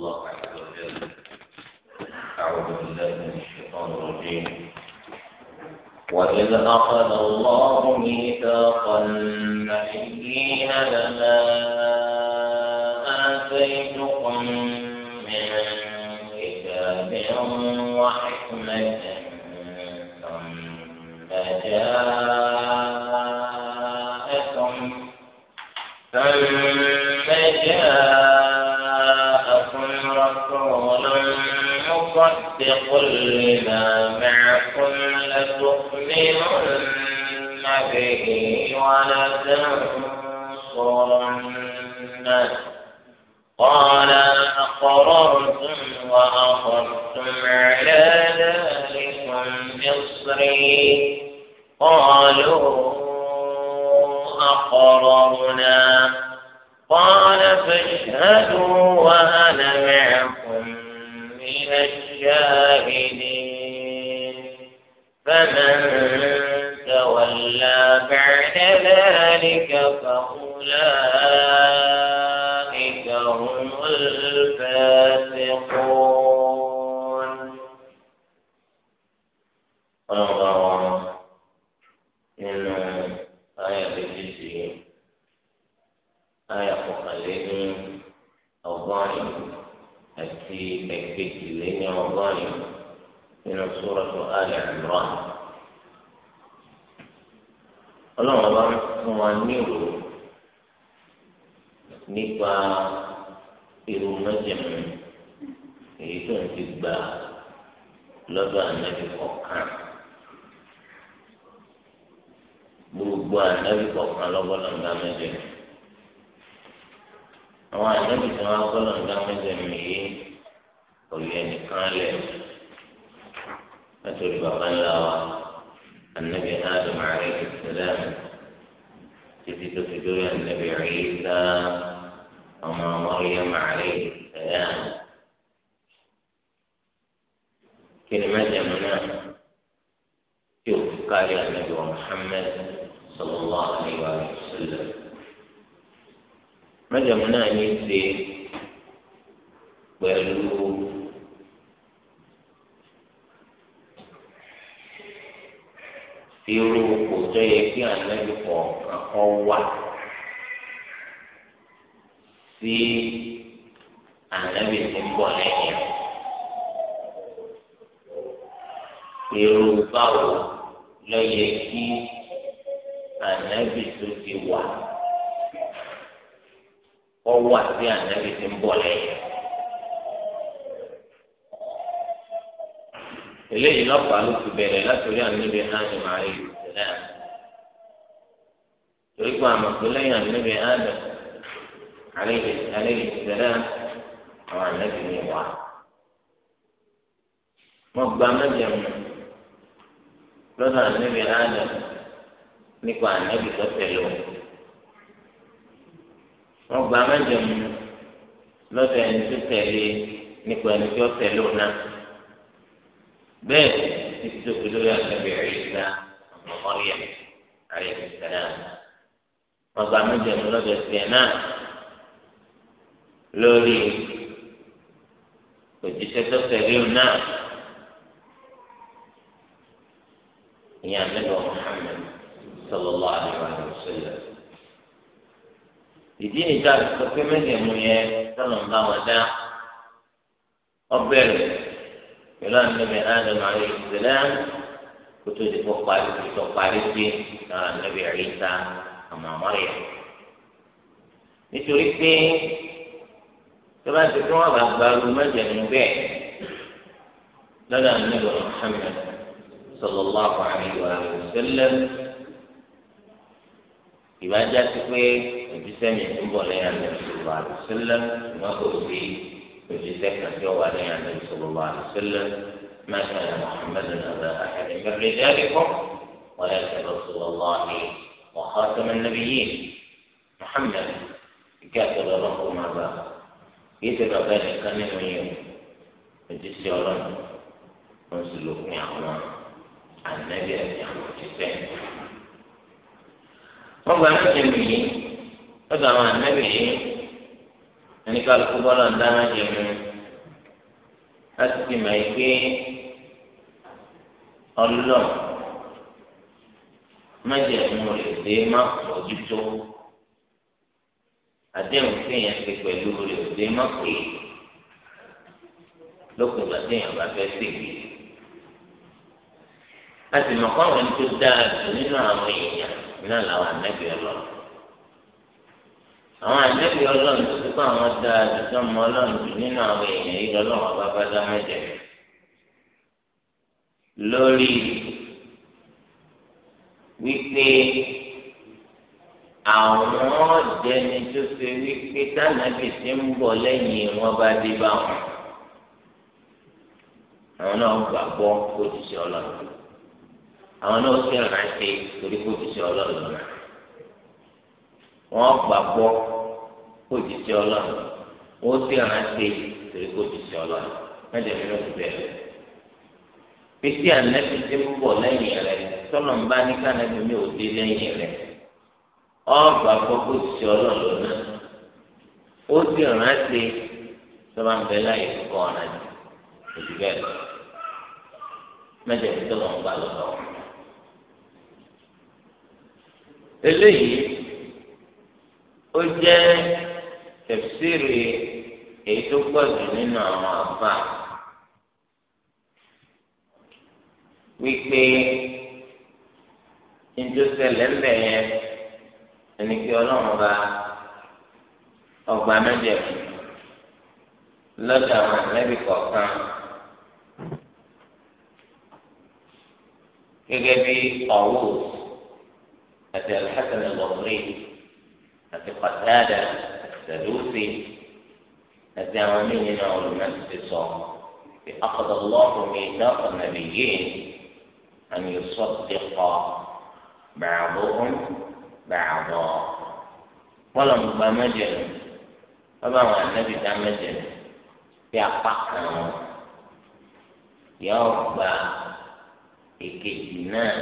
الله عز وجل أعوذ بالله من الشيطان الرجيم وإذ أخذ الله ميثاق النبيين لما آتيتكم من كتاب وحكمة ثم جاء مصدق لما معكم لتؤمنن به ولتنصرنه قال أقررتم وأخذتم على ذلكم مصري قالوا أقررنا قال فاشهدوا وأنا معكم من الشاهدين فمن تولى بعد ذلك فأولئك هم الفاسقون الله من آية الجزء آية مخلدين àti ẹ̀kejìléní ọgọ́rin nínú sórọ̀tò alẹ́ ìmọ̀ràn. ọlọ́run ọba ń fún wa ní ìrò nípa irú mẹ́jẹ̀mú èyí tó ń ti gbà lọ́dọ̀ ànábì kọ̀ọ̀kan. gbogbo ànábì kọ̀ọ̀kan lọ́gbọ́dọ̀ ń bá àwọn ànábì tí wọn gbọ́dọ̀ ń dá mẹsẹmì yìí kò yẹ nìkan lẹ nítorí bàbá ńlá wa ànábì Adam alayhi salam títí tó fi dórí ànábì Isa ọmọ Maryam alayhi salam kí ni mẹsẹmì náà tí o fi kárí ànábì wa Muhammad sallallahu alayhi wa sallam. májàmú náà ní í ṣe pẹ̀lú irú kò tó yẹ kí ànábì kọ̀ọ̀kan kọ́ wà sí ànábì tí ń bọ̀ lẹ́yìn irú báwo ló yẹ kí ànábì ti wà ọwọ́ àti ànábì ti ń bọ̀ lẹ́yìn. eléyìí lọ́pàá ló ti bẹ̀rẹ̀ látòrí ànábì ádàm alayhi salam torí pé àmọ̀tò lẹ́yìn ànábì ádàm alayhi salam àwọn ànábì ni wà. wọ́n gba mẹ́jẹ̀mú lọ́dọ̀ ànábì ádàm nípa ànábì tó tẹ̀lé o wọn gba amájọmú lọ́dọ̀ ẹni tó tẹ̀lé nípa ẹni tó tẹ̀lé òun náà bẹ́ẹ̀ títí tó fi lórí àtẹ̀bẹ̀ ẹ̀yẹ́dá ọmọ mọ́ríyà ayẹyẹsẹ̀ náà wọn gba amájọmú lọ́dọ̀ ẹsẹ̀ náà lórí òjíṣẹ́ tó tẹ̀lé òun náà ìyá mẹ́lọ̀ Muhammad sallallahu alaihi wa sallam ìdí nìjà sọ pé mẹjẹmú yẹn sọlọ ń bá wọn dá ọbẹ rẹ pẹ̀lú ànábì ádámù àríyìnbẹlẹm kótó ìdìbò parí ìtọ parí sí náà ànábì àríyìnbá àmàmọrìà nítorí pé tọ́lá ti fún wọn bá gba ọdún mẹjẹmú bẹ́ẹ̀ lọ́dọ̀ ànábì Muhammad sallallahu alaihi wa sallam ìbájá ti pé. òjíṣẹ́ mi ti ń bọ̀ lẹ́yìn Ànábì sallallahu alaihi wasallam wọn kò sí òjíṣẹ́ kan tí ó wà lẹ́yìn Ànábì sallallahu alaihi wasallam ما كان محمد أبا أحد من رجالكم ولكن رسول الله وخاتم النبيين محمد كاتب لكم أبا يتبع ذلك كان يوم òjíṣẹ́ ọlọ́run wọ́n sì lò fún àwọn ànábì àti àwọn òjíṣẹ́. wọ́n gba mẹ́tẹ̀ẹ̀mì yìí lọ́dọ̀ àwọn ànábì yìí ẹni kálukú bọ́lá ń dáná jẹ mu láti fi mọ̀ pé ọlọ́ májẹ̀mú rẹ̀ dé má pọ̀jù tó àdéhùn téèyàn ti pẹ̀lú rẹ̀ dé má pè é lókun ìgbà téèyàn bá fẹ́ ṣègbè láti mọ̀ kọ́ àwọn ẹni tó dáa nínú àwọn èèyàn náà làwọn ànábì ọlọ́run àwọn àjẹbí ọlọ́run tó ti kọ́ àwọn da àdìsọ́ mọ́ ọlọ́run jù nínú àwọn èèyàn yìí lọ́lọ́run ọba bá dá mẹ́jẹ lórí wípé àwọn ọ̀dẹ́ni tó ṣe wípé tánàbì ti ń bọ̀ lẹ́yìn wọn bá dé bá wọn àwọn náà gbàgbọ́ kó ti ṣe ọlọ́run àwọn náà sì rántí torí kó ti ṣe ọlọ́run náà wọ́n gbàgbọ́. kó jìjì ọlọ́run ó sì rántí torí kó jìjì ọlọ́run mẹ́jọ nínú ìbẹ̀rẹ̀ pété ànẹ́bí tí ń lẹ́yìn rẹ̀ tọ́lọ̀ ń bá ní kánẹ́bí mi ò dé lẹ́yìn rẹ̀ ọgbà gbọ́ kó jìjì ọlọ ó ń bẹ láyé ọ̀nà lọ ń bá eléyìí ó jẹ́ tẹ̀síìrì èyí tó pọ̀ jù nínú àwọn àbá wípé ìjọsẹ̀lẹ̀ ń bẹ̀ yẹn ẹni pé ọlọ́run bá ọgbà mẹ́jẹ̀ lọ́dọ̀ àwọn àlẹ́bí kọ̀ọ̀kan gẹ́gẹ́ bí ọ̀wọ́ àti alhassan al-bọ̀rẹ́ àti pàtàdà sẹlúùsì àti àwọn míì nínú àwọn olùmọ̀tò ti sọ pé akọ̀dọ̀ lọ́ọ̀kùn mi dákọ̀ nàbí yìí àmì sọ ti kọ́ bàbá òun bàbá bọ́lọ̀ ń gba mẹ́jẹ̀lú bàbá àwọn ànábì dá mẹ́jẹ̀lú bí apá kan wọn yóò gba èkejì náà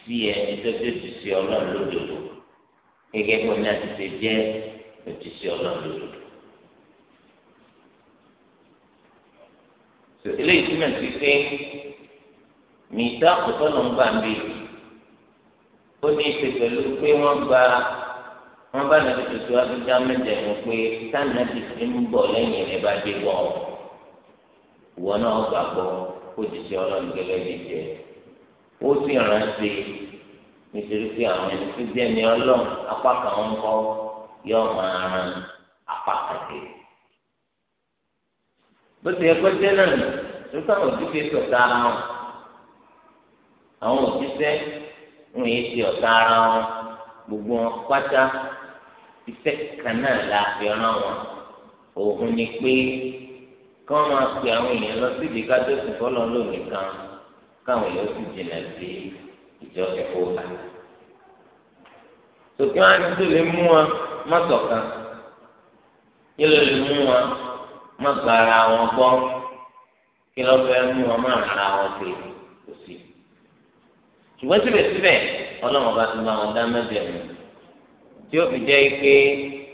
sí ẹni tó tètè sí ọlọ́run lódodo gẹ́gẹ́ bí wọn náà ti ṣe jẹ́ òjíṣẹ́ ọlọ́run lòdòdò. eléyìí túmọ̀ sí pé mìtá kòtò ló ń gbà ń bì ó ní í ṣe pẹ̀lú pé wọ́n gba wọ́n bá nàbí tuntun adúgbò mẹ́jẹ̀ mú pé sànàbí ti ń bọ̀ lẹ́yìn rẹ̀ bá dé wọ́n ìwọ náà gbàgbọ́ òjíṣẹ́ ọlọ́run gẹ́gẹ́ bí jẹ́ ó sì rántí nítorí pé àwọn ẹni tó jẹ́ ní ọlọ́run apá kan ń kọ́ yóò máa ran apá kan dé bó ti yẹ kó dé náà nì nípa àwọn òjíṣẹ́ ti ọ̀tá ara wọn àwọn òjíṣẹ́ wọn yìí ti ọ̀tá ara wọn gbogbo wọn pátá iṣẹ́ kan náà la fi ran wọn òun ni pé kí wọ́n máa pe àwọn èèyàn lọ síbi kájọ́sìn fọ́lọ́ lónìí kan káwọn èèyàn sì jìnnà sí ìjọ ẹ̀kọ́ àti tòkí wọn á tó lè mú wọn má ṣọ̀kan kí ló lè mú wọn má gba ara wọn gbọ́ kí ló fẹ́ mú wọn má ara wọn pè kò sí. ṣùgbọ́n síbẹ̀síbẹ̀ ọlọ́run bá ti bá wọn dá mẹ́jẹ̀mú tí ó fi jẹ́ pé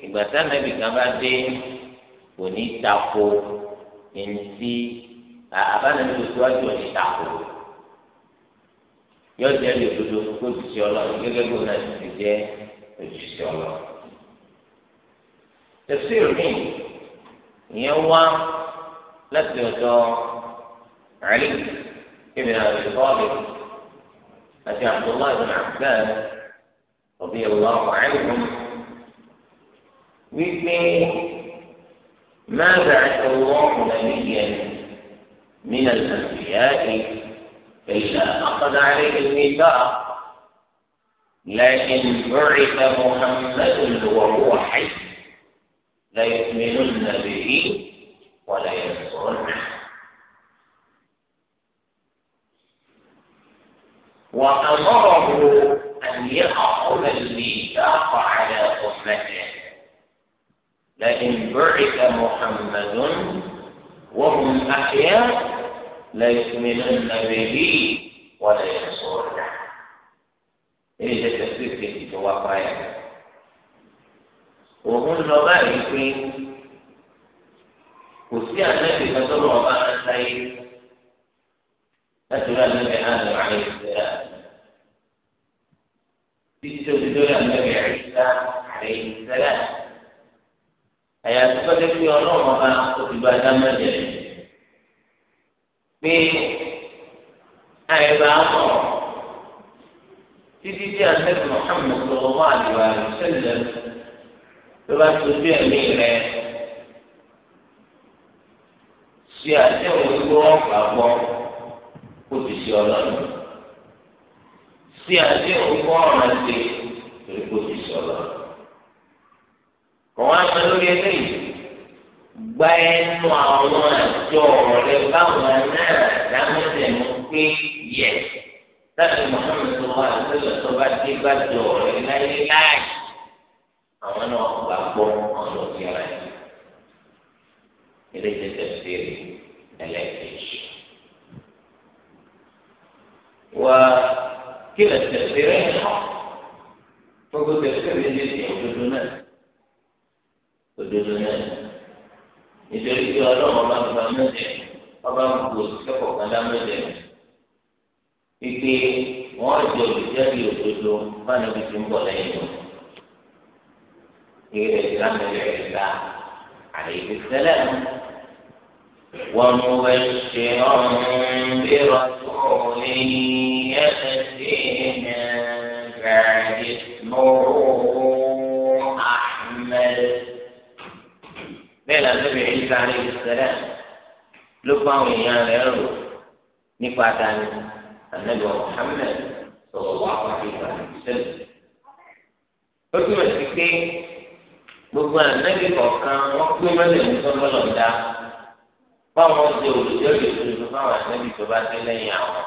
ìgbà táwọn ẹbí kan bá dé kò ní tako ẹni tí àbánẹ́bí tó síwájú ọ̀ ní tako yóò jẹ́ lè dodo kó ti ṣe ọlọ́run gẹ́gẹ́ bí òun náà jẹ́ òjijì ọlọ. tafsir mi ìyẹn wá láti ọ̀dọ̀ Ali ibn Abi Talib àti Abdullahi ibn Abbas radiyallahu anhum wípé ما بعث الله نبيا من الأنبياء àkàdá أخذ عليه الميثاق لكن بعث محمد وهو حي لا يؤمنن به ولا ينصرنه وأمره أن يأخذ الميثاق على أمته لئن بعث محمد وهم أحياء ليؤمنن به ولا ينصرنه èyí jẹ́ tẹ̀sí kejì tó wá fáyà òun lọ báyìí pé kò sí ànábì kan tó lọ́wọ́ bá ń sáyé láti rí ànábì àná àyè ìṣẹ́ra títí tó ti dórí àyè ìṣẹ́ra àyè ìṣẹ́ra àyà àtúntò pé ọlọ́run ọba ó ti bá dá mẹ́jẹ̀ pé àyè bá mọ̀ ọ́ títí tí a sẹ́kù Muhammad sọ̀rọ̀ àdìwà àdìsẹ́lẹ̀ tó bá sojú ẹ̀mí rẹ̀ ṣe àtẹ̀wò gbogbo ọ̀gbà gbọ́ kó ti ṣe ọlọ́run ṣe àtẹ̀wò gbogbo ọ̀ràn ṣe torí kó ti ṣe ọlọ́run. kọ̀wọ́n àmọ́ lórí eléyìí gba ẹnu àwọn àjọ rẹ̀ báwọn náà dáhùn sẹ́nu pé yẹ̀ láti Muhammad tó wà lọ́sọ̀lọ́ tó bá dé bá jọ ọ̀rẹ́ láéláé àwọn náà gbà gbọ́ ọ̀nà òfìàrà yìí ilé ìjẹsẹ̀ fèrè ẹlẹ́ẹ̀kejì. wà kí lè tẹ̀sí rẹ̀ hàn gbogbo tẹ̀sí rẹ̀ lè tẹ̀ òdodo náà òdodo náà nítorí pé ọlọ́run ọba gbà mẹ́jẹ ọba gbòòsì kẹ́kọ̀ọ́ kan dá mẹ́jẹ mẹ́jẹ pípé wọn jẹ olùjẹbi òdodo fáwọn ibi tí ń bọ̀ lẹ́yìn lọ ìrẹ ìlànà ìrẹ ìlà àlejò sẹlẹ wọn mú wẹ ṣe ọrùn bí rọtún ní ẹsẹ sí nàìjíríà mọ́rọ́ ahmed bẹ́ẹ̀ lànà ìrẹ ìlà àlejò sẹlẹ ló bá àwọn èèyàn rẹ̀ rò nípa dání. النبي محمد صلى الله عليه وسلم حكم السكين gbogbo ànábì kọ̀ọ̀kan wọ́n pé mẹ́lẹ̀ ní sọ́dọ̀ lọ́dà báwọn ṣe olùjọ́ ìṣòro báwọn ànábì tó bá dé lẹ́yìn àwọn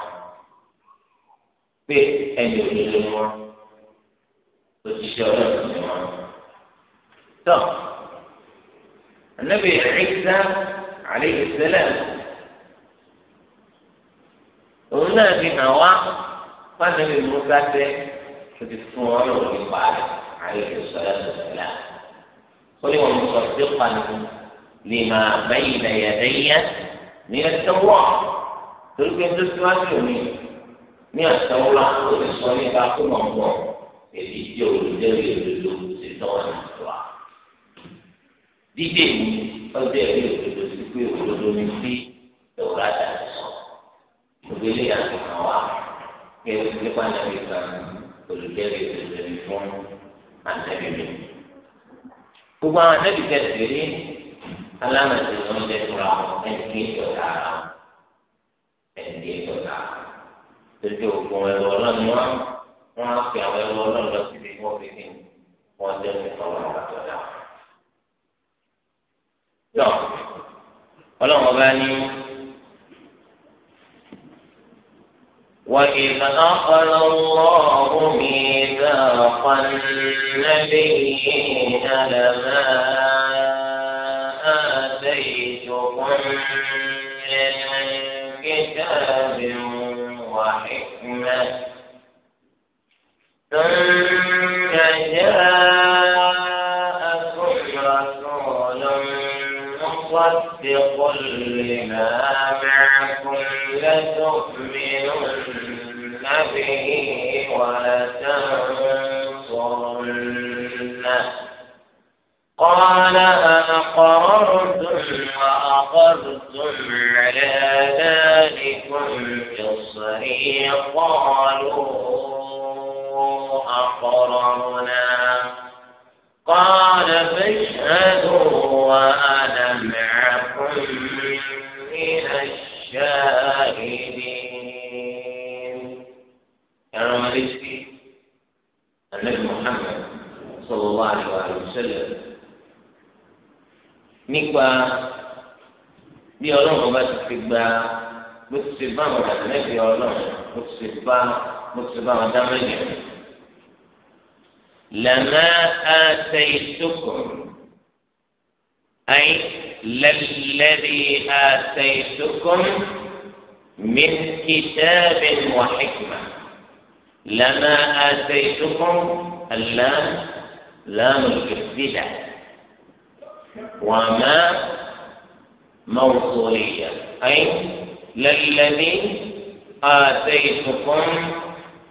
pé ẹni òdodo wọn òṣìṣẹ́ ọlọ́run ni wọn. tọ́ ànábì Ìsá alayhi salam òun náà fi hàn wá fáńdébì musa tẹ o ti fún ọ lọ nípa rẹ àyè ìṣọlá ṣọlá ó ní wọn sọ sí pàǹdù lè máa bẹyìn lẹ́yìn lẹ́yìn ní ẹsẹ̀ wọ torí pé tó síwájú mi ní ẹsẹ̀ wọ ó ti sọ nípa tó mọ bọ èyí tí olùdéwì olùdó ti tọwọ ní ìtura dídé mi ọjọ́ ìlú òdodo sí pé òdodo mi sí ìwúrà dàbí òbí ilé yàtọ̀ kan wá kí ẹ nípa nàbí kan olùjẹ́rìí olùjẹ́rìí fún ànábì mi. gbogbo àwọn ànábì kẹsì rí alámàtí ló ń dẹ́kura ẹnìkí ìtọ́ta ara ẹnìkí ìtọ́ta lójú ogun ẹ̀rọ ọlọ́ni wọn wọn á fi àwọn ẹ̀rọ ọlọ́ni lọ síbi wọn fi kí wọn jẹ́ nípa wọn àtọ́ta. lọ ọlọ́run ọba ní. وإذ أخذ الله ميثاق النبيين لما آتيتكم من كتاب وحكمة ثم جاء مصدق لما معكم لتؤمنن به ولتنصرن قال أأقررتم وأقرتم على ذلكم قصري قالوا أقررنا قال فاشهدوا وأنا معكم من الشاهدين يا مالكي النبي محمد صلى الله عليه وسلم nípa bí ọlọ́run bá ti fi gba bó ti ṣe bá àwọn àtẹnẹ́fẹ̀ẹ́ ọlọ́run bó ti ṣe bá bó ti ṣe bá àwọn dámẹ́jẹ̀ لما آتيتكم أي للذي آتيتكم من كتاب وحكمة لما آتيتكم اللام لام الابتداء وما موصولية أي للذي آتيتكم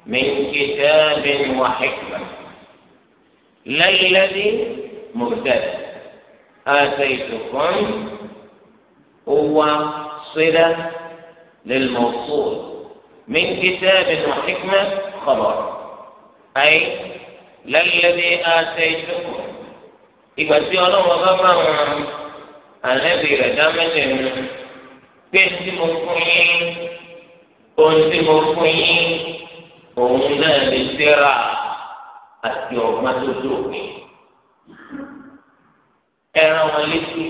من كتاب وحكمة ليلة مبتدا آتيتكم هو صلة للموصول من كتاب وحكمة خبر أي للذي آتيتكم إذا سيولون وغفرهم النبي ردامة كنت مفهوم كنت مفهوم وهم لا بالسراء àti ọgbọ́n tó dóògbé ẹran wọn létí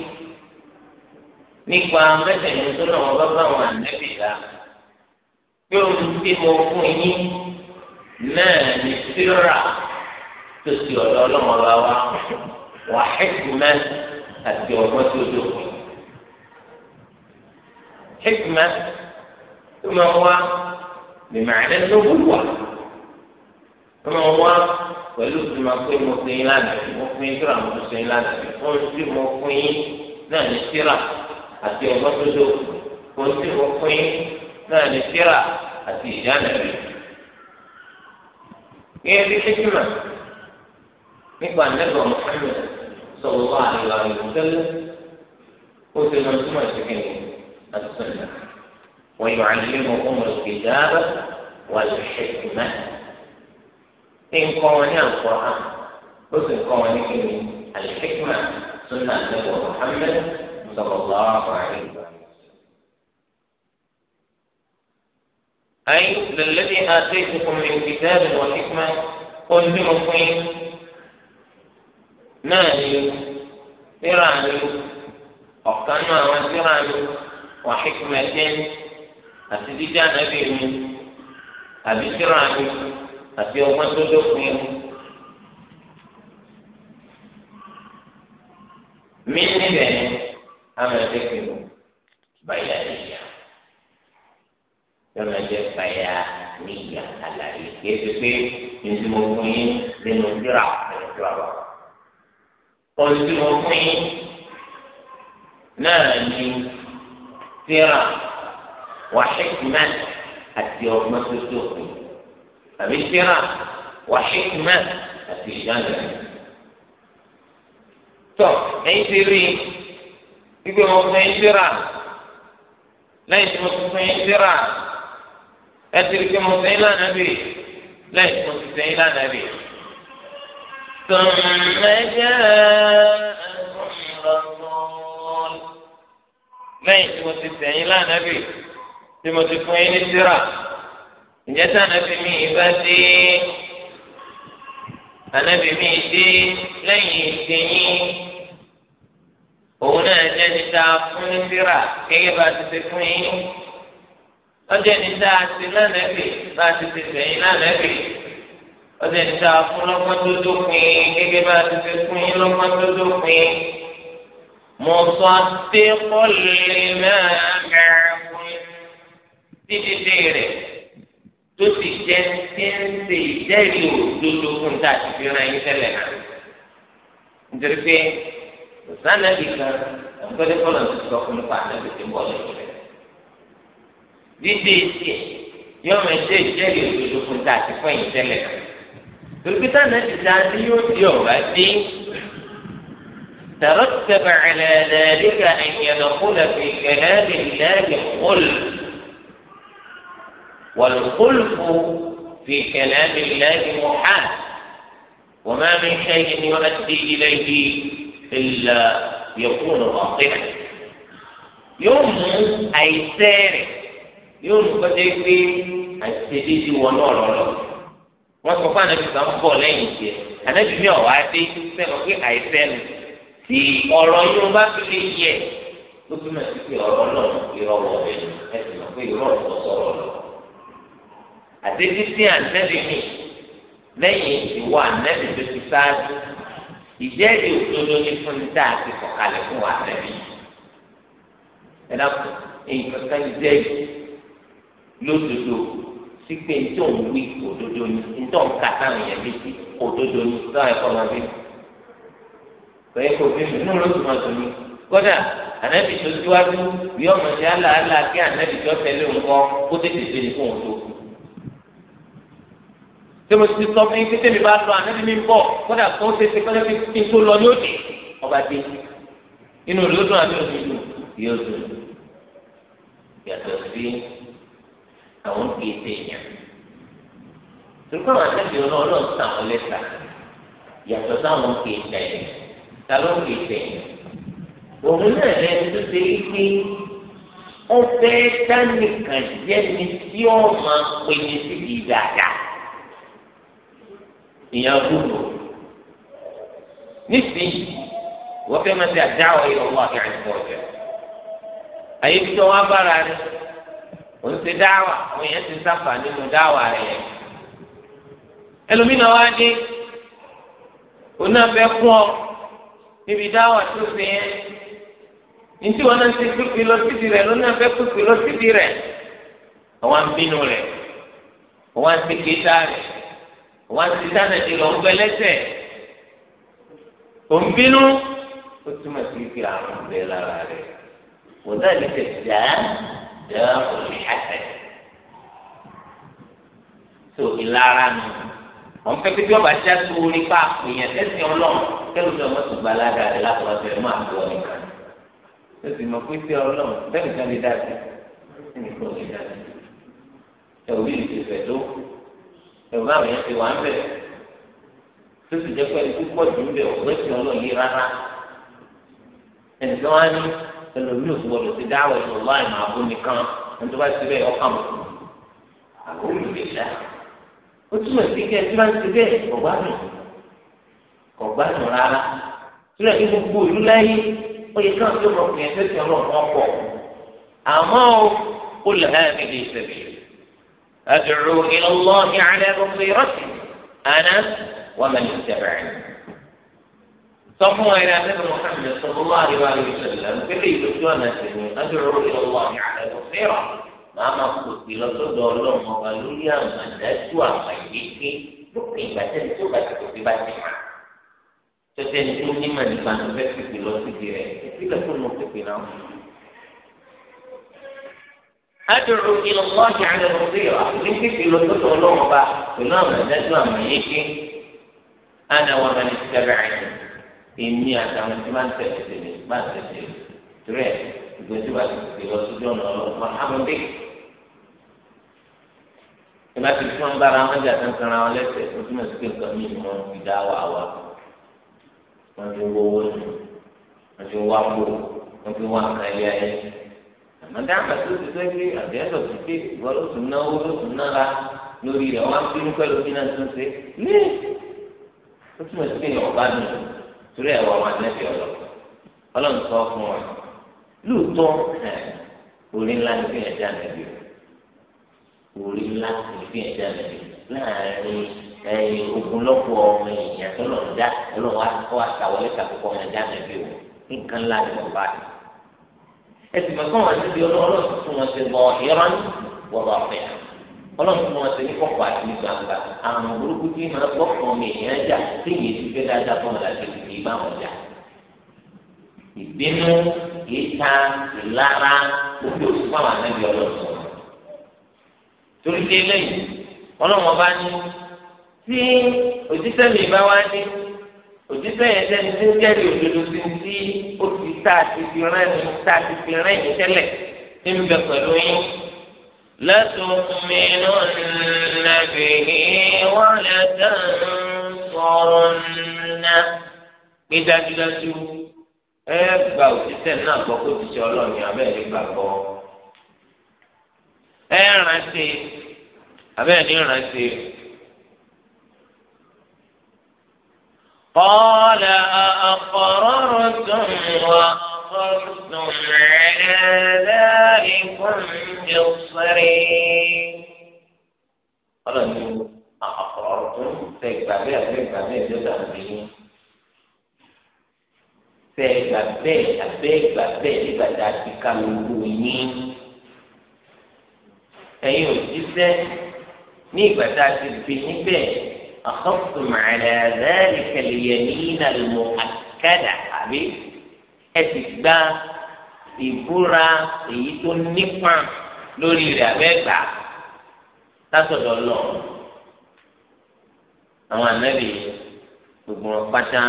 nípa mẹsẹ̀yìn tó náà wọn bá bá wọn ànẹ́bì dá pé ohun tí mo fún yín náà ní síra tó ti ọ̀dọ̀ ọlọ́mọ bá wà hẹ́kìmẹ́ àti ọgbọ́n tó dóògbé hẹ́kìmẹ́ tó máa wá lè màá lẹ́nu lówó ọmọ wa pẹ̀lú ìgbìmọ̀ pé mo fún yín lánàá mo fún yín síra mo tún fún yín lánàá mo ń tí mo fún yín náà ní síra àti ọgbọ́n tó dó mo ń tí mo fún yín náà ní síra àti ìdáná rẹ̀. gẹ́gẹ́ bí fífìmà nípa nẹ́bọ̀ Muhammad sọ̀rọ̀ wá àlọ́ àlùfẹ́lẹ́ ó ti lọ túmọ̀ sí kẹ́kẹ́ àti sọ̀rọ̀ wọ́n yóò àlè mọ́ ọmọ ìgbéjára wà lè ṣe nǹkan wọn ní àǹkọ́ hàn ó sì nǹkan wọn ní kíni àlìfíkìmà sunna nebo muhammed sallallahu alayhi wa sallam. أي للذي آتيتكم من كتاب وحكمة قل بمقيم ناني إيراني ọ̀kan náà àwọn síra mi wà hikmẹ́tẹ́ àti jíjá nàbí mi àbí síra àti ọgbọ́n tó dópin mí níbẹ̀ ni fi mú bàyà níyà yọ̀nà jẹ́ bàyà níyà àlàyé kìí ṣe pé ǹjẹ́ mo fún yín nínú ìdúrà nínú ìdíra wa ọ̀ǹdí mo fún yín náà ní ìdíra wàhíkìmẹ́ àti ọgbọ́n tó yín. àbí tíra wàhíkìmẹ àti ìyáàlẹ tọ ẹ̀yin ti rí gbígbé wọn fún ẹ̀yin tíra lẹ́yìn tí mo ti fún ẹ̀yin tíra ẹ ti rí pé mo fún ẹ̀yin lánàá bì lẹ́yìn tí mo fún ẹ̀yin lánàá bì. ثم جاءهم رسول ليس متسعين لا نبي لمتكوين الدراسة ǹjẹ́ tí anabi mi bá dé anabi mi dé lẹ́yìn ìdẹ́yìn òun náà jẹ́ níta fún nísìrà gẹ́gẹ́ bá ti ṣe fún yín ọjọ́ níta ti lánàbì bá ti ṣe fẹ̀yìn lánàbì ọjọ́ níta fún lọ́gbọ́n tó dópin gẹ́gẹ́ bá ti ṣe fún yín lọ́gbọ́n tó dópin mọ̀sán dé kọ́lé mẹ́rin títí dé rẹ̀ tó sì jẹ́ tí ń ṣe ìjẹ́rìí òdodo fún tá a ti fi ran yín tẹ́lẹ̀ náà. nítorí pé sànàbì kan àgbẹ̀dẹ fọlọ̀ ti sọ fún nípa ànábì tí ń lẹ́yìn rẹ̀. dídé tiẹ̀ yóò máa ṣe ìjẹ́rìí òdodo fún tá ti fún yín tẹ́lẹ̀ náà. torí pé sànàbì ta ni yóò di ọ̀rá dé. ترتب على ذلك أن يدخل في كلام والخلف في كلام الله محال وما من شيء يؤدي اليه الا يكون واقعا يوم اي ساري يوم قدر في السديد ونور ما سوف انا في سامبو لينجي انا في ميو عادي في اي ساري في اورو يوم ما في لي يي لو كنا في اورو لو يرو وين اسمع في اورو àti títí ànẹ́bí mi lẹ́yìn ìwọ ànẹ́bí tó ti sáájú ìjẹ́rìí òdodo ní fún mi tá a ti sọ̀kalẹ̀ fún wa ànẹ́bí ẹ dákun èyí kankan jẹ́rìí lódodo sí pé ntọ́ ń wí òdodo ni ntọ́ ń kata àwọn èèyàn létí òdodo ni ntọ́ ẹ̀kọ́ máa bí kọ́yẹ́ kò bí mi inú ló dùn ọ̀dùn kódà ànẹ́bí tó síwájú yọ̀ọ́ mọ̀ sí àlàálà kí ànẹ́bí tó tẹ̀lé nǹkan kó tètè ṣe nǹkan òdo tí mo ti sọ fún yín títí mi bá lọ ànábi mi ń bọ̀ kódà tó ń tètè kọ́lẹ́ fi kí n tó lọ ní òde ọba dé inú rẹ̀ ó dùn àbí òde dùn yóò dùn yàtọ̀ sí àwọn kì í ṣe èèyàn tòlùkọ́ àwọn àtẹ́bí ọlọ́run náà sàn án lẹ́sà yàtọ̀ sáwọn kì í ṣe èèyàn ta ló ń kì í ṣe èèyàn òun náà lẹ́nu tó ṣe é pé ó fẹ́ dánìkan jẹ́ tí ó máa pinni sí ìdáadáa ìyẹn gbogbo nísìnyí wọ́n fẹ́ máa ṣe àdáwọ̀ yìí ọwọ́ àti àìsàn ọ̀jẹ̀ àyè tí wọ́n bára rẹ̀ òun ṣe dáwà òun yẹn ti sáfà nínú dáwà rẹ̀ yẹn ẹlòmínà wá dé òun náà fẹ́ kún ọ níbi dáwà tó ṣe yẹn nítí wọn náà ti pípín lọ síbi rẹ̀ lóun náà fẹ́ pípín lọ síbi rẹ̀ àwọn abínú rẹ̀ àwọn àti kéta wọn ti dáná ti lọ gbẹ lẹsẹ òun bínú ó túmọ̀ sí pé àrùn bẹ lára rẹ kò náà lè tẹ̀ dá dá òun ṣàtẹ̀ tó ìlara nù wọn fẹ́ pé bí ọba já tó orí pa èèyàn tẹ̀sí ọlọ́run kẹ́lù tó ọmọ tó gba lára rẹ látọ̀rọ̀ tẹ̀ máa tó ọ nìkan ó sì mọ pé tí ọlọ́run bẹ́ẹ̀ nìkan lè dá sí ẹnìkan lè dá sí ẹ̀ òbí lè ti tó ẹ̀rù báwọn yẹn ti wà ń bẹ̀ tó sì jẹ́ pé ẹni tó pọ̀ jù ń bẹ̀ ọ̀gbẹ́ tí wọn lọ yí rárá ẹni tó wá ní ẹlòmíì òkú gbọdọ̀ ti dáwọ̀ ẹ̀rọ láì máa bó nìkan ẹni tó bá ti bẹ́ẹ̀ ọkàn mọ̀ àkókò ìgbésà ó túmọ̀ sí kí ẹni tó bá ti bẹ́ẹ̀ ọ̀gbádùn ọ̀gbádùn rárá sílẹ̀ kí gbogbo ìlú láyé ó yẹ káwọn tó kìí ẹgbẹ́ tí wọn pọ̀ àmọ́ ó lè hẹ́ أدعو إلى الله على بصيرة أنا ومن اتبعني صفوا إلى النبي محمد صلى الله عليه وسلم كريم جوانا أدعو إلى الله على بصيرة ما مقصود إلى صدور لهم وقالوا يا من أدعو أميك lópin ìgbà tẹ́lẹ̀ tó bá ti kò sí bá ti mà tọ́tẹ́ ní tó ní mà nípa tó fẹ́ pèpè lọ adùrù ìlọ́wọ́ ti àná òbí wa ní fífi lọ́sọ̀tò ọlọ́run bá pẹ̀lú àwọn ẹ̀dájú àwọn yìí kí ana wọn máa ní ti tẹ́lẹ̀ àyè èmi àtàwọn tí máa ń tẹ̀lé tẹ̀lé máa ń tẹ̀lé tẹ̀lé ìgbésí wa ti fi lọ sójú ọ̀nà ọlọ́run wọn á mọ̀ bí. ìbá ti wọn jà tán wọn lẹ́sẹ̀ tó túmọ̀ sí pé nǹkan mi ni wọ́n fi wà wá wọ́n fi wọ́wọ́ nù wọ́n fi wá kó wọ́n fi wá nǹkan ayé ọ̀dà àpàtì ti sẹ́ pé àbíẹ́lẹ̀ òsì pé ìwọ ló tún náwó ló tún nára lórí rẹ̀ wọ́n á fi ní pẹ́lú bí náà tún ṣe lé ó túmọ̀ sí pé ìyàwó bá dùn torí ẹ̀wọ̀ wọn ànẹ́bí ọ̀lọ́ ọlọ́run sọ fún wa lóòótọ́ orí ńlá ní fíyàn já ànẹ́bí orí ńlá ní fíyàn já ànẹ́bí láàárín ẹ̀yìn ogunlọ́pọ̀ ọmọ èèyàn tó lọ́ọ̀ wá kọ́ àtàwọlé kàkókò ọmọ ẹ̀dá ànẹ́bí o nǹkan ńlá ni wọ́n bá dùn ẹsì mọ̀ fún àwọn àtúndì ọlọ́run tuntun wọn ti bọ̀ ìran wọ̀rọ̀ ọ̀fẹ́ ọlọ́run tuntun wọn ti ní kọ̀kọ̀ àti ní gbangba àwọn burúkú tí màá gbọ́ fún mi ìyẹn jà tí yìí ti fẹ́ dáadáa fún ọ̀la ti fi bá wọn jà ìbínú ìta ìlara gbogbo òsì fún àwọn àtúndì ọlọ́run torí dé lẹ́yìn ọlọ́run ọba ní tí òjíṣẹ́ mi bá wá ní òjíṣẹ́ yẹn sẹ́ni tí ó tá a ti fi rẹ́ mi tá a ti fi rẹ́ mi tẹ́lẹ̀ ní bẹ pẹ̀lú yín lẹ́tùn mi nù nàbì wọ́n lẹ́tẹ̀ ń sọ̀rọ̀ nà pé dájúdájú ẹ gba òtítẹ́ náà gbọ́ kó ti ṣe ọlọ́ọ̀ni abẹ́rẹ́ gbàgbọ́ ẹ rántí abẹ́rẹ́ rántí. قال وكنتم على ذلكم مصرين قالوا أقررتم فإقبابي أبي أبي fẹ gbà bẹ́ẹ̀ àbẹ gbà bẹ́ẹ̀ nígbà tá a ti ká lóko yín ẹ̀yin òjíṣẹ́ ní ìgbà tá a ti fi yín bẹ́ẹ̀ àkọsùn màálẹ rẹ ìkẹlẹ yẹn ní ìlànà àkàdà àbí ẹ sì gba ìbúra èyí tó nípa lórí rẹ̀ abẹ́gbà látọ̀dọ̀ lọ àwọn ànábì gbogbo wọn pátá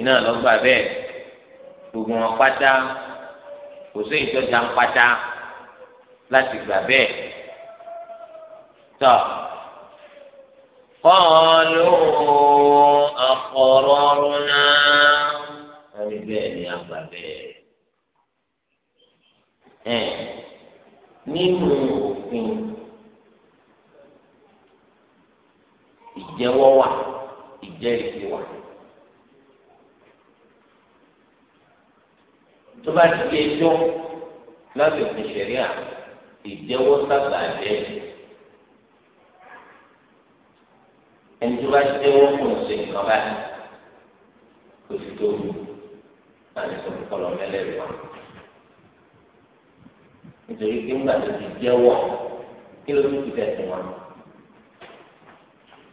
iná lọ́gbà bẹ́ẹ̀ gbogbo wọn pátá kò sí ìtọ́jà ń pátá láti gbà bẹ́ẹ̀ tọ́ kọ́ ọ́ lóhùn ọ̀pọ̀ rọrùn náà. ní bẹ́ẹ̀ ni àgbà bẹ́ẹ̀. ẹ nínú òfin ìjẹ́wọ́ wà ìjẹ́rìsí wà. tó bá ti di ẹjọ́ òfin ṣẹ̀ríà ìjẹ́wọ́ sábà jẹ́ ẹni tó bá ti jẹ́wọ́ nǹkan báyìí kò sì tó láti sọ pé kọlọ mẹlẹ́rìí wa nítorí pé ńgbà tó ti jẹ́wọ́ kí ló tún ti tẹ̀sí wọn.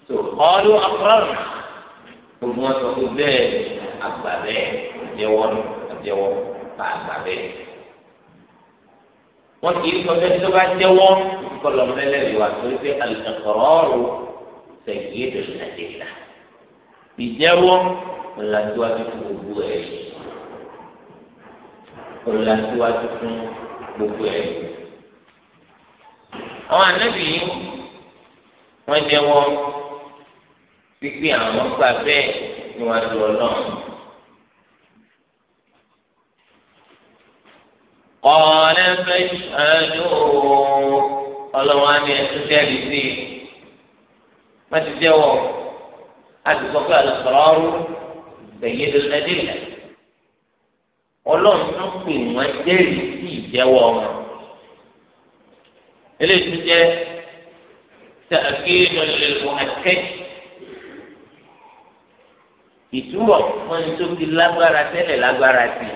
tó ọlú akọrọ gbogbo wọn sọ pé bẹ́ẹ̀ àgbà bẹ́ẹ̀ jẹ́wọ́ jẹ́wọ́ bá àgbà bẹ́ẹ̀. wọn kì í sọ pé tó bá jẹ́wọ́ kọlọ mẹlẹ́rìí wa torí pé alùpàkọrọ sẹ̀yìn èdè ìlàjẹ̀ ìlà ìjẹ́wọ́ ńlá tó fún gbogbo ẹ̀yìn òun aṣíwájú fún gbogbo ẹ̀. àwọn ànábì yìí wọ́n jẹ́wọ́ pípé àwọn gbà bẹ́ẹ̀ níwájú ọlọ́run. ọ̀rẹ́ fẹ́ ṣáájú ọlọ́wọ́ á ní ẹtú jẹ́rìí sí i. wọ́n ti jẹ́wọ́ a ti sọ pé àlùfọ́ọ́rù lẹ́yìn ẹ̀dínlẹ̀ ọlọ́run ló pè wọ́n jẹ́rìí sí ìjẹ́wọ́ wọn. eléyìí tó jẹ́ tàkìlù lèlò àkẹ́ ìtumọ̀ wọn ni tó fi lágbára tẹ́lẹ̀ lágbára sí i.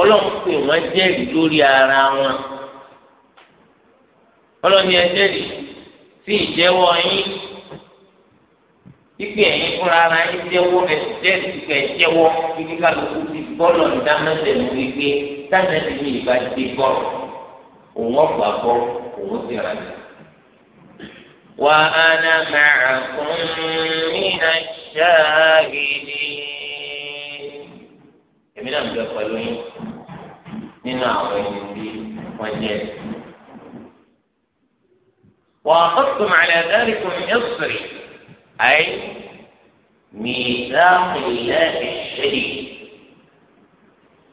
ọlọ́run pè wọ́n jẹ́rìí lórí ara wọn. ọlọ́run yẹn jẹ́rìí sí ìjẹ́wọ́ yín ikpe ẹ̀yin fúnra ara yín jẹ́wọ́ ẹ̀jẹ̀ ìpè jẹ́wọ́ ibi kálukú ti bọ́ọ̀lù ìdámẹ́sẹ̀ ló wí pé táwọn ẹ̀sìn mi ìbá ti bọ́ọ̀lù òun ọ̀gbà bọ́ òun sì rà mí. wà á nà máa kún nínú ṣáàgìdì. èmi náà ń bẹ pẹ̀lú yín nínú àwọn ẹni tí wọ́n jẹ́ wà á kọ́ tó màlẹ́ dáríkùn ẹ̀sìn. أي ميثاق الله الشديد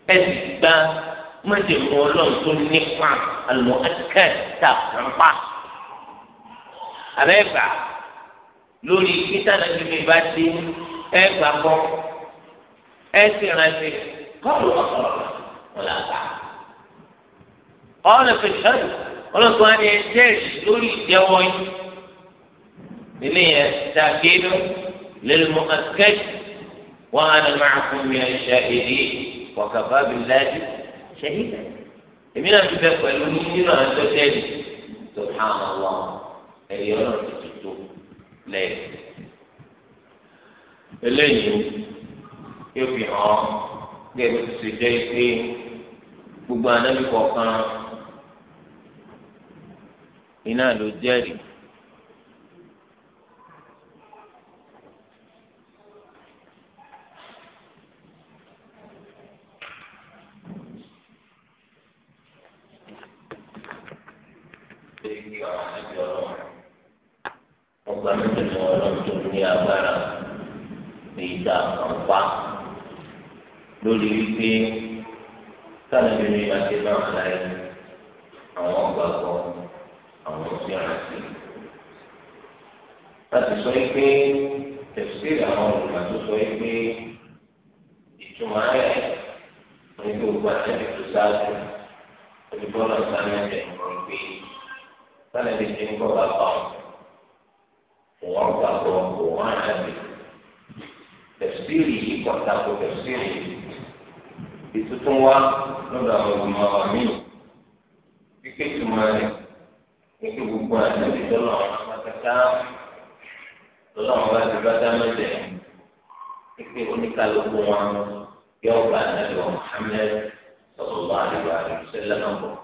أسباب mọ̀jẹ̀mú ọlọ́run tó nípa àlùmọ́ẹ́kẹ́ tá a kàn pa. Àbẹ́gbà lórí kíta náà ti fi bá dé ẹgbà kọ́ ẹ sì rántí kọ́ọ̀lù ọ̀sọ̀rọ̀ wọn là bá. Ọ̀rọ̀ fi sọ́dọ̀ ọlọ́run tó wá ní ẹjẹ́ lórí ìjẹ́wọ́ yìí eléyẹ takidu lilmu akẹ́t wọn á nà máa fún mi ẹ̀ṣẹ̀ èdè wọ̀kàfà bìláàdì ṣẹ́yìn èmi náà ti bẹ pẹ̀lú nínú àjọ tẹ́lẹ̀ tó hàn wọ́n ẹ̀yọ́ náà ti tuntun lẹ́yìn. eléyìí yóò fi hàn bí ẹni tó ṣe jẹ́ pé gbogbo anábì kọ̀ọ̀kan iná ló jẹ́rìí. ìgbà wà níbi ọlọ́run wọn gba mẹsẹlẹ ọlọ́run tó ní agbára ní ìdá kan pa lórí wípé sáàbì mi máa ṣe náà láyé àwọn gbàgbọ́ àwọn tí a ti láti sọ pé tẹ̀síìrì àwọn olùmọ̀ tó sọ pé ìtumọ̀ ayẹ ní gbogbo àtẹ̀lẹ́ tó ṣáájú olùkọ́ náà sáré ẹ̀jẹ̀ ń rọ pé sani bi ti ń bọ̀ bá bá wọn wọn gbà bọ̀ wọn àná bi tẹ̀síìrì yìí kọ̀tà kó tẹ̀síìrì ìtútù wa lọ́dọ̀ àwọn olùmọ̀ọ́ mi kíkẹ́ tuma rẹ̀ nítorí gbogbo àtẹ̀lé tọ́lọ̀ àmàkàtà tọ́lọ̀ àwọn àdìbàtà mẹ́tẹ̀ kíkẹ́ oníkàlùkù wọn yọ̀ọ̀bà àdìbò Muhammad sọ̀rọ̀ àdìbò àdìbò sẹ́lẹ̀ náà bọ̀